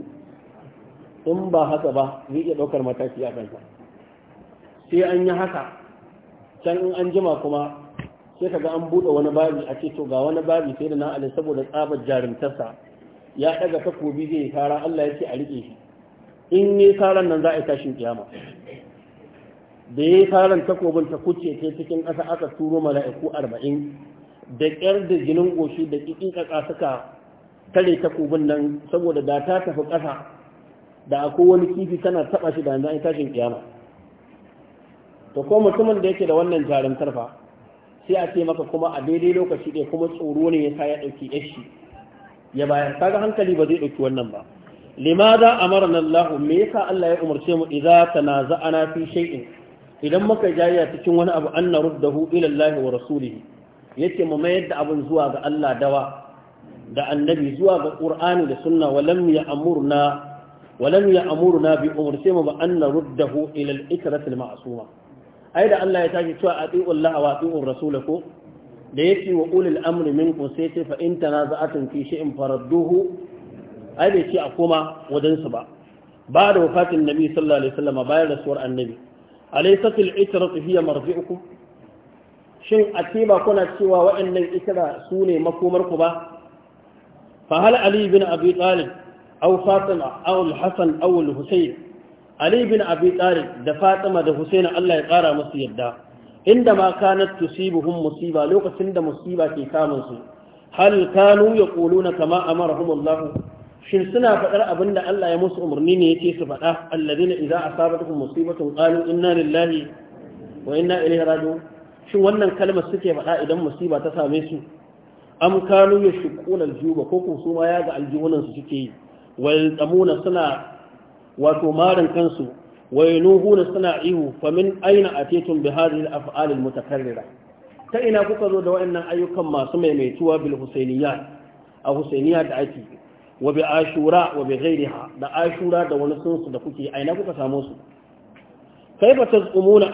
in ba haka ba zai iya ɗaukar mataki a kansa sai an yi haka can in an jima kuma sai ka ga an buɗe wani babi a ce to ga wani babi sai da na ali saboda tsabar jarumtarsa ya ɗaga takobi zai yi kara Allah ya ce a riƙe shi in yi karan nan za a yi tashin kiyama da ya yi karan takobin ta kuce ta cikin ƙasa aka turo mala'iku arba'in da ƙyar da jinin goshi da ƙiƙin ƙasa suka tare takobin nan saboda da ta tafi ƙasa da akwai wani kifi tana taɓa shi da yanzu an tashin kiyama to ko mutumin da yake da wannan jarumtar tarfa sai a ce maka kuma a daidai lokaci ɗaya kuma tsoro ne ya sa ya ɗauki yashi ya bayar kaga hankali ba zai ɗauki wannan ba Limada, amarna Allah me yasa Allah ya umarce mu idza tanaza'ana fi shay'in idan muka jayya cikin wani abu an naruddahu ila Allah wa rasulihi yace mu mayar da abun zuwa ga Allah dawa da annabi zuwa ga qur'ani da sunna walam ya amurna walam ya bi umurce mu ba an naruddahu ila al-ikratil ma'suma ai da Allah ya tashi cewa ati'u Allah wa ati'u rasul ko da yake wa ulil amri minkum sai ce fa in tanaza'atun fi shay'in faradduhu ai da ce a koma wajen su ba ba da wafatin nabi sallallahu alaihi wasallam bayan rasuwar annabi alaysatil itratu hiya marji'ukum shin a ce ba kuna cewa waɗannan itira su ne makomar ku ba فهل علي بن أبي طالب أو فاطمة أو الحسن أو الحسين علي بن أبي طالب ده فاطمة ده حسين الله يقارى مصير ده عندما كانت تصيبهم مصيبة لو كسند مصيبة كي كامنسو هل كانوا يقولون كما أمرهم الله shin suna faɗar abinda Allah ya musu umarni ne ce su faɗa alladina idza asabatuhum musibatun qalu inna lillahi wa inna ilaihi shin wannan kalmar suke faɗa idan musiba ta same su am kanu ya shukuna aljuba ko kuma ya ga aljubunan su suke yi wal tsamuna suna wato marin kansu wai nuhuna suna ihu fa min aina atitum bi hadhihi al af'al al mutakarrira ta ina kuka zo da wayannan ayyukan masu maimaituwa bil husainiyat a da ake wa bi ashura da ashura da wani sun su da kuke aina kuka samu su kai ba ta tsumuna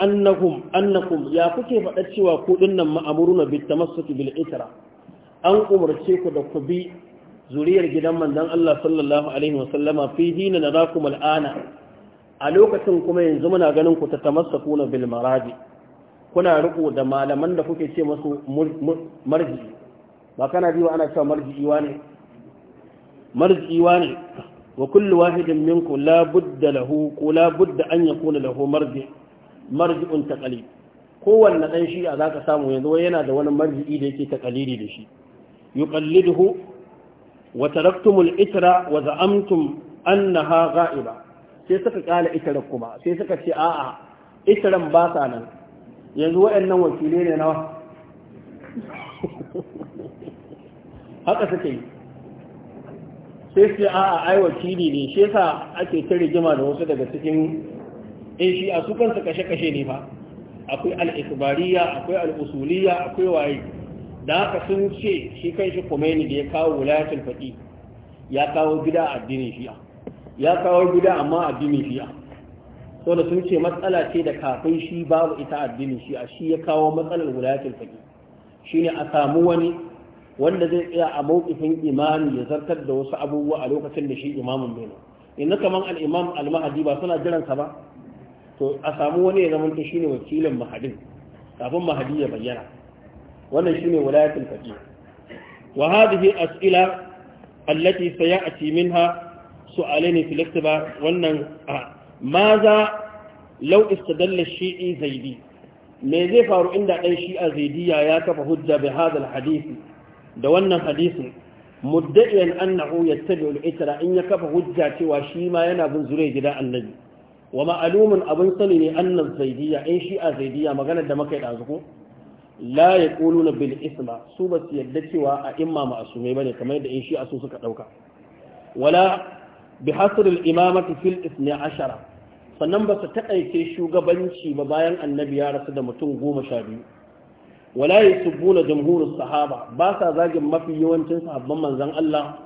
ya kuke faɗa cewa kuɗin nan ma'amuruna bi tamassuki bil itra an umarce ku da ku bi zuriyar gidan manzon Allah sallallahu alaihi wasallama fi dina narakum al'ana a lokacin kuma yanzu muna ganin ku tatamassaku bil maraji kuna riko da malaman da kuke ce masu marji ba kana wa ana cewa wa ne marji'iwa ne wa kullu wahidin minkum la budda lahu ko la budda an yakuna lahu marji marji'un taqali kowanne dan shi a zaka samu yanzu yana da wani marji'i da yake taqalidi da shi yuqalliduhu wa taraktumul itra wa za'amtum annaha ga'iba sai suka kala itra kuma sai suka ce a'a itran ba sa nan yanzu waɗannan wakilai ne nawa <laughs> haka suke yi sai su a ai wakili ne shi yasa ake ta rigima da wasu daga cikin in shi a kashe-kashe ne fa akwai al akwai akwai waye da haka sun ce shi kan shi Khomeini da ya kawo wulayatul faɗi ya kawo gida a addinin shi'a ya kawo gida amma addinin shi so da sun ce matsala ce da kafin shi babu ita addinin a shi ya kawo matsalar wulayatul faɗi shine a samu wani wanda zai tsaya a mawqifin imani ya zartar da wasu abubuwa a lokacin da shi imamin bai inna kaman al-imam al-mahdi ba suna jiran sa ba to a samu wani ya zama shi ne wakilin mahadin kafin mahadi ya bayyana wannan shine walayatul faqih wa hadhihi as'ila allati sayati minha su'alaini fil iktiba wannan maza law istadalla shi'i zaidi me zai faru inda dan shi'a zaidiya ya kafa hujja bi hadal hadisi da wannan hadisin mudda'iyan annahu yattabi'u al-itra in ya kafa hujja cewa shi ma yana bin zure gida annabi wa ma'alumun abun sani ne annan zaidiya in shi'a zaidiya maganar da muka yi dazu ko la ya na bil isma su basu yarda cewa a imma ma'asumai bane kamar da in shi a su suka dauka wala bi hasr al ne ashara sannan ba su shugabanci ba bayan annabi ya rasu da mutum goma sha biyu wala yasubuna jamhurus sahaba ba sa zagin mafi yawancin sahabban manzon Allah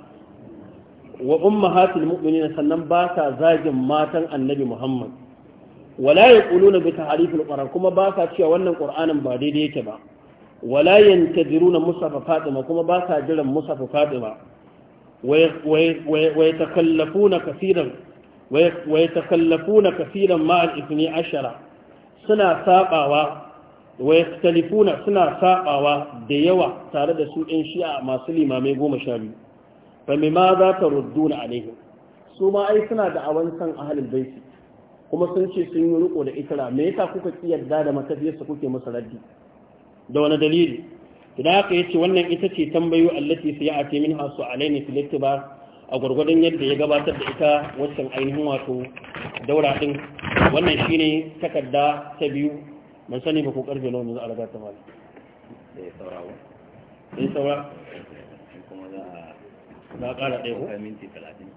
wa ummahatul mu'minin sannan ba sa zagin matan annabi Muhammad wala yaquluna bi ta'rifil qur'an kuma ba sa cewa wannan qur'anin ba daidai yake ba wala yantajiruna musafa fatima kuma ba sa jiran musafa fatima wa yatakallafuna kaseeran wa yatakallafuna ashara suna sabawa da yawa tare da su ɗin shi'a masu limamai goma sha biyu fa mimma za ta rudduna su ma ai suna da awan san ahlul baiti kuma sun ce sun yi riko da itara me yasa kuka ki yarda da matafiyarsa kuke masa raddi da wani dalili idan haka ce wannan ita ce tambayo allati sai a ce hasu alaini fil ba a gurgurdan yadda ya gabatar da ita wancan ainihin wato daura din wannan shine takarda ta biyu ban sani ba ko karfe nawa yanzu alaga ta mali saura kuma za a kara ɗaya ko minti 30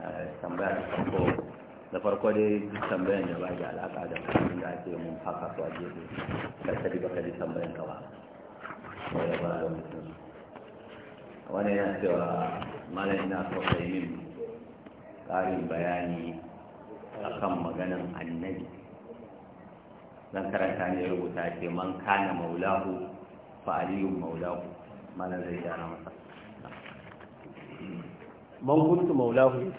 Eh, tambaya da farko da farko dai tambayan da ba da alaƙa da kuma da ake mun haka su a gefe karkari ba ka ji tambayan ka ba ko ya ba da mutum wani yana cewa malam na so ka yi min ƙarin bayani akan maganan annabi zan karanta ne rubuta ce man kana maulahu fa aliyun maulahu malam zai gyara masa man kuntu maulahu yake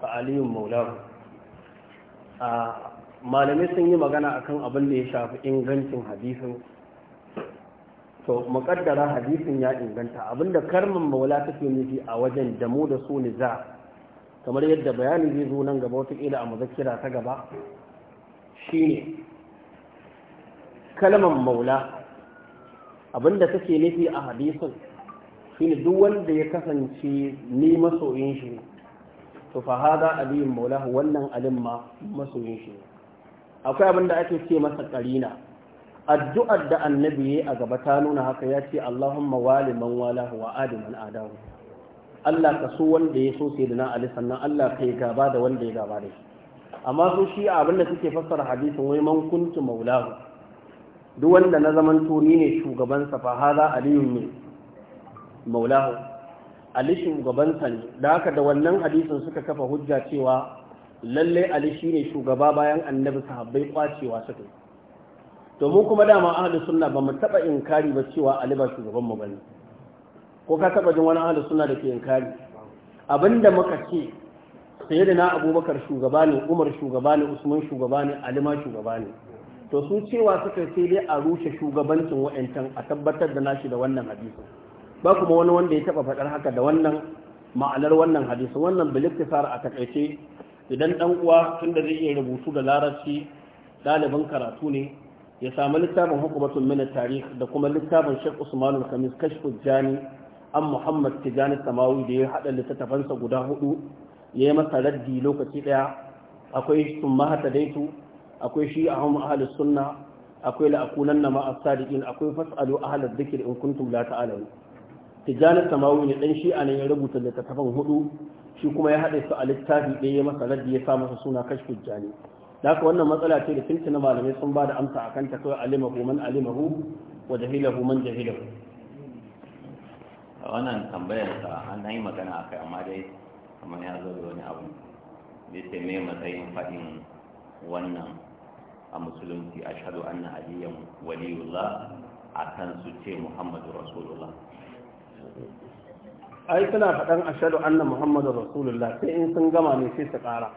fa aliyun maulahu a malamai sun yi magana akan abin da ya shafi ingancin hadisin to makaddara hadisin ya inganta abinda karmin maula take nufi a wajen damu da su za, kamar yadda bayani zai zo nan gaba wata wataƙila a muzakkira ta gaba shine kalmar maula abinda take nufi a hadisin shine duk wanda ya kasance ni masoyin shi to fa hada aliyun maulahu wannan alin ma masoyin shi akwai abin da ake ce masa karina addu'ar da annabi ya a gaba ta nuna haka ya ce Allahumma wali man walahu wa adi man Allah ka so wanda ya so sai da na Ali sannan Allah ka yi gaba da wanda ya gaba da shi amma su shi abin da suke fassara hadisin wai man kuntu maulahu duk wanda na zaman to ni ne shugaban sa fa hada aliyun ne maulahu ali shugabansa ne da haka da wannan hadisin suka kafa hujja cewa lallai ali ne shugaba bayan annabi sahabbai kwacewa suka to mu kuma dama ahli sunna ba mu taba inkari ba cewa ali ba shugaban mu bane ko ka taba jin wani ahli sunna da ke inkari abinda muka ce sayyidina abubakar shugaba ne umar shugaba ne usman shugaba ne ali ma shugaba ne to su cewa suka sai dai a rushe shugabancin wa'ancan a tabbatar da nashi da wannan hadisin ba kuma wani wanda ya taba faɗar haka da wannan ma'anar wannan hadisi wannan biliktisar a takaice idan dan uwa tunda zai iya rubutu da larabci ɗalibin karatu ne ya samu littafin hukumatun mina tarih da kuma littafin Sheikh Usman al-Khamis kashfu jani an Muhammad Tijani Samawi da ya haɗa littattafansa guda hudu ya yi masa raddi lokaci daya akwai summa daitu akwai shi a hamu ahalus sunna akwai la'akunan na ma'as akwai fasalu ahalud dhikr in kuntum la ta'lamun tijjani samawi ne dan shi'a ne ya rubuta littattafan hudu shi kuma ya haɗe su a littafi ɗaya ya masa raddi ya sa masa suna kashfu jani haka wannan matsala ce da tuntuna malamai sun ba da amsa a kanta kawai alimahu man alimahu wa jahilahu man jahilahu wannan tambayar sa an yi magana kai amma dai kamar ya zo da wani abu da ce me matsayin faɗin wannan a musulunci ashhadu anna aliyan waliyullah kan su ce muhammadu rasulullah ai suna faɗan ashadu anna muhammadu rasulullah sai in sun gama ne sai su ƙara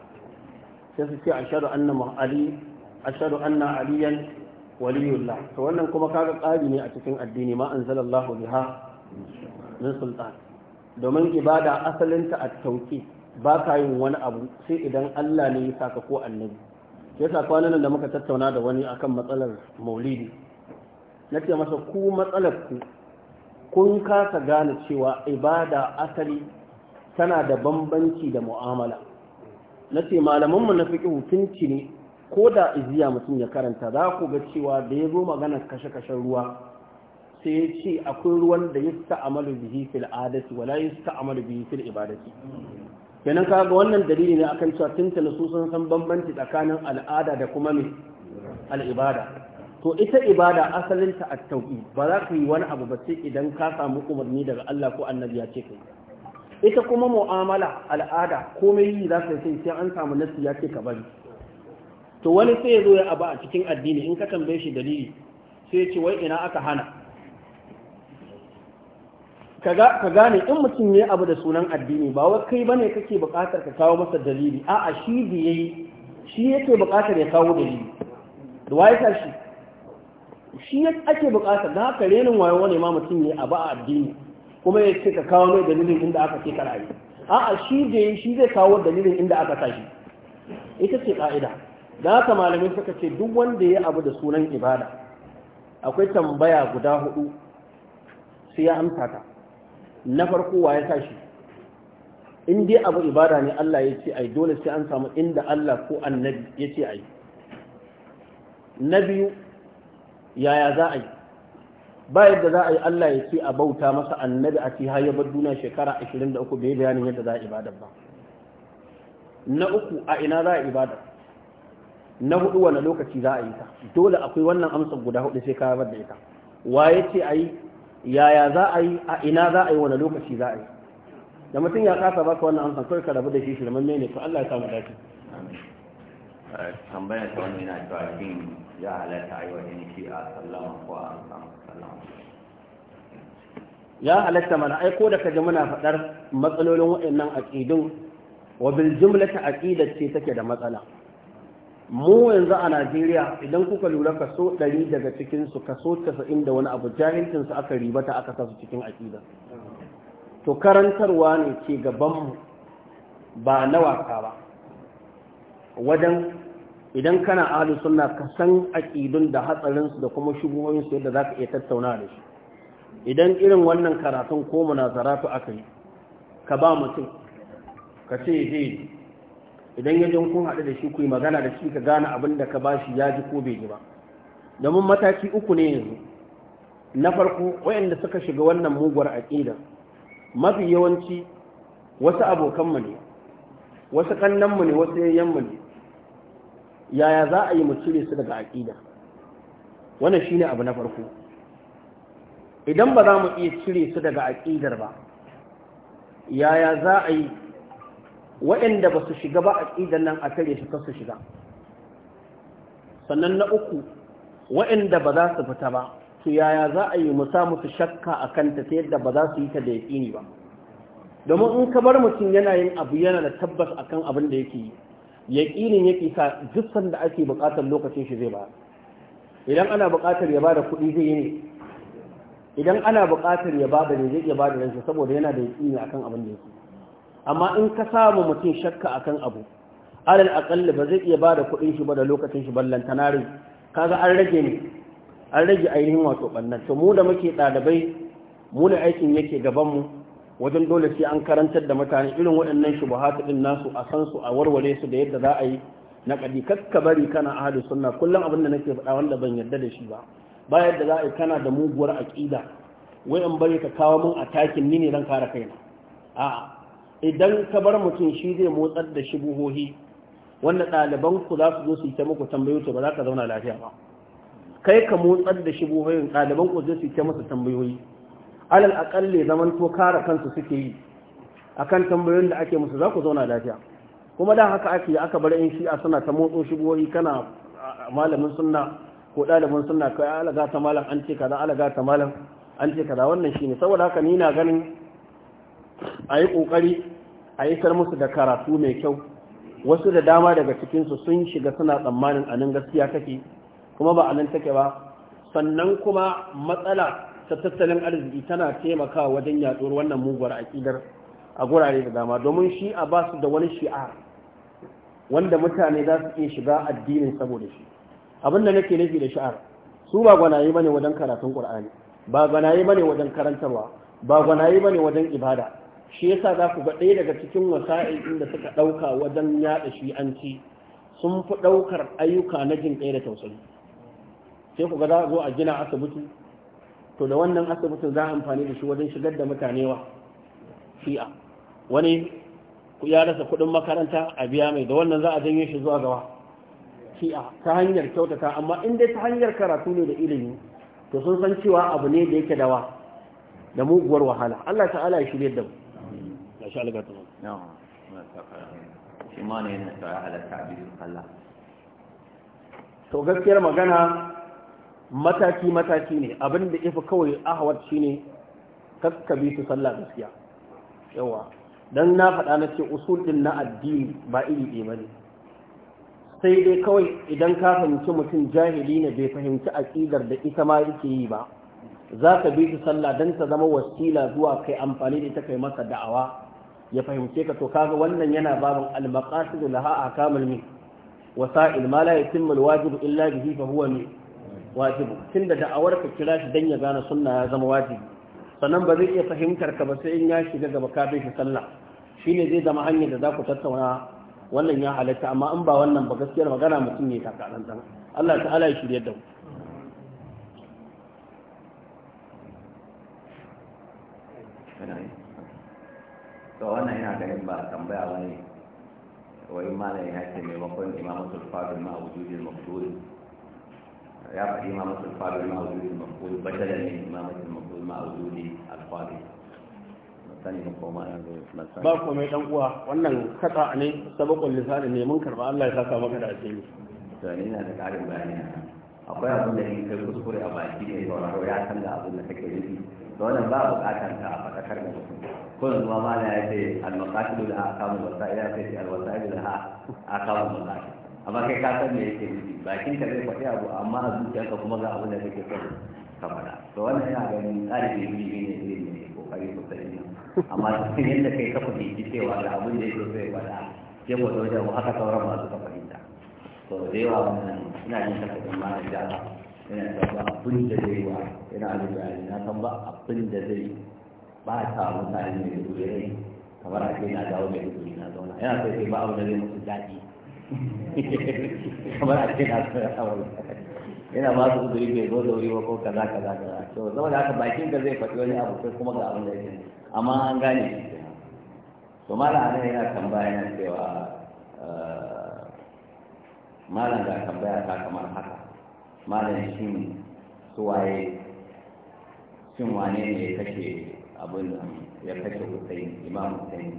sai su ce ashadu anna ali ashadu anna aliyan waliyullah to wannan kuma kaga ƙari ne a cikin addini ma anzalallahu biha min sultan domin ibada asalinta a tauki ba ka yin wani abu sai idan Allah ne ya saka ko annabi yasa kwanan nan da muka tattauna da wani akan matsalar maulidi nace masa ku matsalar ku kun kasa gane cewa ibada asali tana da bambanci da mu'amala na ce malamanmu na fi hutunci ne ko da iziya mutum ya karanta za ku ga cewa da ya zo maganar kashe-kashen ruwa sai ya ce akwai ruwan da ya amalu bihi fil adati wala ya amalu bihi fil ibadati kenan kaga wannan dalili ne akan cewa tuntuna su sun san bambanci tsakanin al'ada da kuma mai al'ibada to ita ibada asalinta a tauki ba za ka yi wani abu ba sai idan ka samu umarni daga Allah ko annabi ya ce yi. ita kuma mu'amala al'ada komai yi za ka yi sai an samu nasi ya ce ka bari to wani sai ya zo ya abu a cikin addini in ka tambaye shi dalili sai ya ce wai ina aka hana ka gane in mutum yayi abu da sunan addini ba wai kai bane kake buƙatar ka kawo masa dalili a'a shi da yi shi yake buƙatar ya kawo dalili da waye shi shi ya ake bukata da haka renin wayo wani ma mutum ne a ba a addini kuma ya ce ka kawo mai dalilin inda aka ce karayi a'a shi da yi shi zai kawo dalilin inda aka tashi ita ce ka'ida da haka malamai suka ce duk wanda ya abu da sunan ibada akwai tambaya guda hudu sai ya amsa ta na farko wa ya tashi in dai abu ibada ne Allah ya ce ai dole sai an samu inda Allah ko annabi ya ce ai na biyu yaya za a yi ba yadda za a yi Allah ya ce a bauta masa annabi a ciha har ya bar duniya shekara 23 bai bayanin yadda za a ibada ba na uku a ina za a ibada na hudu wani lokaci za a yi ta dole akwai wannan amsar guda hudu sai ka bar da ita Wa ya ce a yi yaya za a yi a ina za a yi wani lokaci za a yi da mutum ya kasa baka wannan amsar kawai ka rabu da shi shirman ne to Allah ya samu dace ya halatta mana aiko da kaji muna faɗar matsalolin waɗannan aƙidun wa bil ta ce take da matsala mu yanzu a Najeriya idan kuka lura kaso ɗari daga cikin su kaso casa'in da wani abu jahilcin su aka ribata aka sa su cikin aƙida to karantarwa ne ke gaban mu ba na waka ba wajen idan kana ahli sunna ka san aqidun da hatsarin da kuma shubuhoyin su yadda zaka iya tattauna da shi idan irin wannan karatun ko munazaratu akai ka ba mutum ka ce zai idan ya kun haɗu da shi ku yi magana da shi ka gane abin da ka bashi ya ji ko bai ji ba domin mataki uku ne yanzu na farko wayanda suka shiga wannan muguwar aqida mafi yawanci wasu abokanmu ne wasu kannanmu ne wasu yayyanmu ne yaya za a yi mu cire su daga aƙida wannan shine abu na farko idan ba za mu iya cire su daga aƙidar ba yaya za a yi waɗanda ba su shiga ba aƙidar nan a kare su su shiga sannan na uku waɗanda ba za su fita ba to yaya za a yi musa musu shakka a kanta ta yadda ba za su yi ta da yaƙini ba domin in ka bar mutum yana yin abu yana da tabbas akan abin da yake yi yaƙinin yake sa duk sanda ake buƙatar lokacin shi zai ba idan ana buƙatar ya bada kuɗi zai yi ne idan ana buƙatar ya bada ne zai iya bada ransa saboda yana da yaƙini akan abin da yake amma in ka samu mutum shakka akan abu alal aƙalla ba zai iya bada kuɗin shi ba da lokacin shi ballan kaga an rage ne an rage ainihin wato ɓannan to mu da muke ɗalibai mu da aikin yake mu? wajen dole sai an karantar da mutane irin waɗannan shubuhat din nasu a san su a warware su da yadda za a yi na kadi kakka bari kana ahli sunna kullum abin da nake faɗa wanda ban yarda da shi ba ba yadda za a yi kana da muguwar aqida wai an bari ka kawo min takin ni ne dan kare kaina a'a idan ka bar mutum shi zai motsar da shubuhohi wanda ɗaliban ku za su zo su yi ta muku tambayoyi ba za ka zauna lafiya ba kai ka motsar da shubuhoyin ɗaliban ku zai su yi ta musu tambayoyi alal akalle zaman to kare kansu suke yi akan tambayoyin da ake musu za ku zauna lafiya kuma da haka ake aka bar shi shi'a suna ta motso shigoyi kana malamin sunna ko ɗalibin sunna kai alaga ta malam an ce kaza alaga ta malam an ce kaza wannan shine saboda haka ni na ganin a yi ƙoƙari a isar musu da karatu mai kyau wasu da dama daga cikinsu sun shiga suna tsammanin a nan gaskiya kake kuma ba a nan take ba sannan kuma matsala ta tattalin arziki tana taimakawa wajen yatsuwar wannan mugwar aƙidar a gurare da dama domin shi a ba su da wani shi'a wanda mutane za su iya shiga addinin saboda shi abin da nake nufi da shi'ar su ba gwanaye bane wajen karatun qur'ani ba gwanaye bane wajen karantarwa ba gwanaye bane wajen ibada shi yasa za ku ga ɗaya daga cikin wasa'in inda suka ɗauka wajen yaɗa shi'anci sun fi ɗaukar ayyuka na jin ɗaya da tausayi sai ku ga za a zo a gina asibiti to da wannan asibitin za a amfani da shi wajen shigar da mutane wa shi'a wani ya rasa kuɗin makaranta a biya mai da wannan za a janye shi zuwa gawa shi'a ta hanyar kyautata amma in dai ta hanyar karatu ne da ilimi to sun san cewa abu ne da yake dawa da muguwar wahala Allah ta'ala ya shirye da mu masha ta shi ma ne yana halatta Allah to gaskiyar magana mataki mataki ne abin da ifa kawai ahwat shine kaskabi su sallah gaskiya yawa dan na faɗa na ce usul din na addini ba iri ɗaya bane sai dai kawai idan ka fahimci mutum jahili ne bai fahimci aƙidar da ita ma yake yi ba za ka bi su sallah don ta zama wasila zuwa kai amfani da ita kai masa da'awa ya fahimce ka to kaga wannan yana babin al ha'a laha akamul min wasa'il ma la yatimmu al-wajib illa bihi fa huwa min wajibu tunda da'awar ka kira shi don ya gane sunna ya zama wajibi sannan ba zai iya fahimtar ka ba sai in ya shiga gaba ka bai shi sallah shine zai zama hanyar da za ku tattauna wannan ya halitta amma in ba wannan ba gaskiyar magana mutum ne taka takalan dan Allah ta'ala ya shirye da mu to wannan yana ganin ba tambaya wani wai malam ya ce maimakon imamatul fadil ma wujudil maqdud ya faɗi ma masu faru ma wujudi maqbul batalan min imamatin maqbul ma wujudi al-fadil sani ba koma ba komai dan uwa wannan kata ne sabakon lisani ne mun karba Allah ya saka maka da asiri to ni na da karin bayani akwai abin da ni kai kuskure a baki ne sauraro ya san da abin da kake yi. to wannan ba bukatar ka a fadakar da mutum ko yanzu ma mana ya ce al da la aqamu wa sa'ila ya ce al da la aqamu wa sa'ila amma kai ka san me yake nufi bakin ka zai faɗi abu amma a zuciyarka kuma ga abin da kake son ka faɗa to wannan yana ganin ɗalibi ilimi ne ilimi ne kokari sai ne amma cikin yadda kai ka faɗi fahimci cewa ga abin da yake so ya faɗa ke ko da mu haka sauran masu ka fahimta to da yawa wannan ina yin jin takardun ma da jara ina da ba abin da zai wa ina da bayani na san ba abin da zai ba ta mutane mai dubbe kamar a ce na dawo mai dubbe na zauna yana sai ba abu da zai musu daɗi kamar a cikin asawar yana ba su uzuri bai zo da wuri ba ko kaza kaza kaza to da haka bakin ka zai faɗi wani abu sai kuma ga abin da yake amma an gane shi to malam ana yana tambaya yana cewa ah, malam ga tambaya ta kamar haka malam shi ne suwaye shin wane ne ya kashe abin ya kashe Hussein Imam Hussein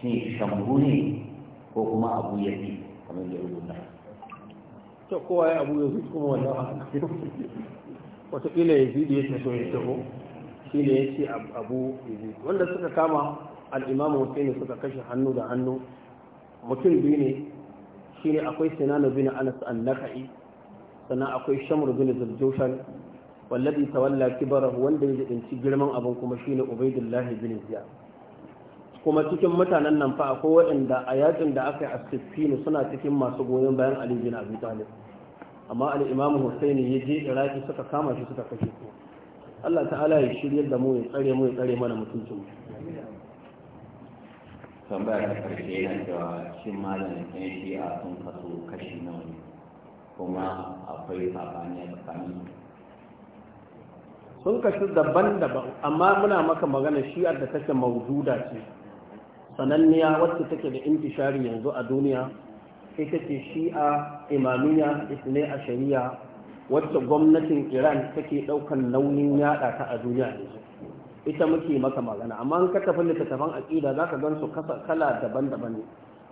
shin shambu ne ko kuma Abu Yazid kamar da rubuta to kowa ya abu ya kuma wannan haka wataƙila ya zidi ya taso ya taho shi ne ya ce abu ya zidi wanda suka kama al'imamu hussein suka kashe hannu da hannu mutum biyu ne shi ne akwai sinanu bin anas annaka'i sannan akwai shamur bin zuljushan wallabi tawalla kibara wanda ya jibinci girman abin kuma shine ubaidullahi bin ziyad kuma cikin mutanen nan fa akwai waɗanda a yakin da aka yi a Sifini suna cikin masu goyon bayan Ali bin Abi Talib amma al-Imam Hussein ya je Iraki suka kama shi suka kashe shi Allah ta'ala ya shiryar da mu ya tsare mu ya tsare mana mutuncin mu tambaya ta karshe yana da shin malamin ɗan shi'a sun kaso kashi nawa ne kuma akwai sabani a tsakanin sun kashi daban-daban amma muna maka magana shi'ar da take maududa ce sananniya wacce take da intishari yanzu a duniya ita ce shi'a imamiya isne a shari'a wacce gwamnatin iran take ɗaukan nauyin yada ta a duniya yanzu ita muke maka magana amma an ka tafi littattafan aƙida za ka gan su kala daban-daban ne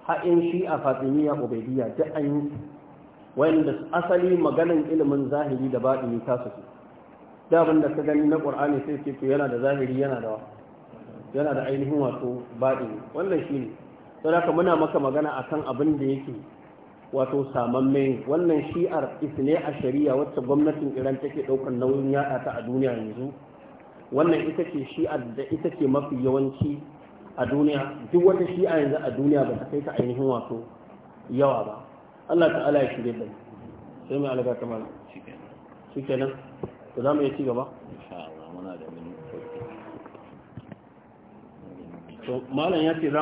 ha'in shi'a fatimiyya ubaidiyya duk an yi wanda asali maganan ilimin zahiri da baɗini ta su da abin da ka gani na ƙur'ani sai ce yana da zahiri yana da yana da ainihin wato baɗi wannan shi ne don haka muna maka magana akan abin da yake wato samamme wannan shi'ar isne a shari'a wacce gwamnatin iran take ɗaukar nauyin yaɗa ta a duniya yanzu wannan ita ce shi'ar da ita ce mafi yawanci a duniya duk wata shi'a yanzu a duniya ba ta kai ta ainihin wato yawa ba Allah ta'ala ya shirye da sai mai alaga kamar shi kenan to za mu iya ci gaba to malam ya ce za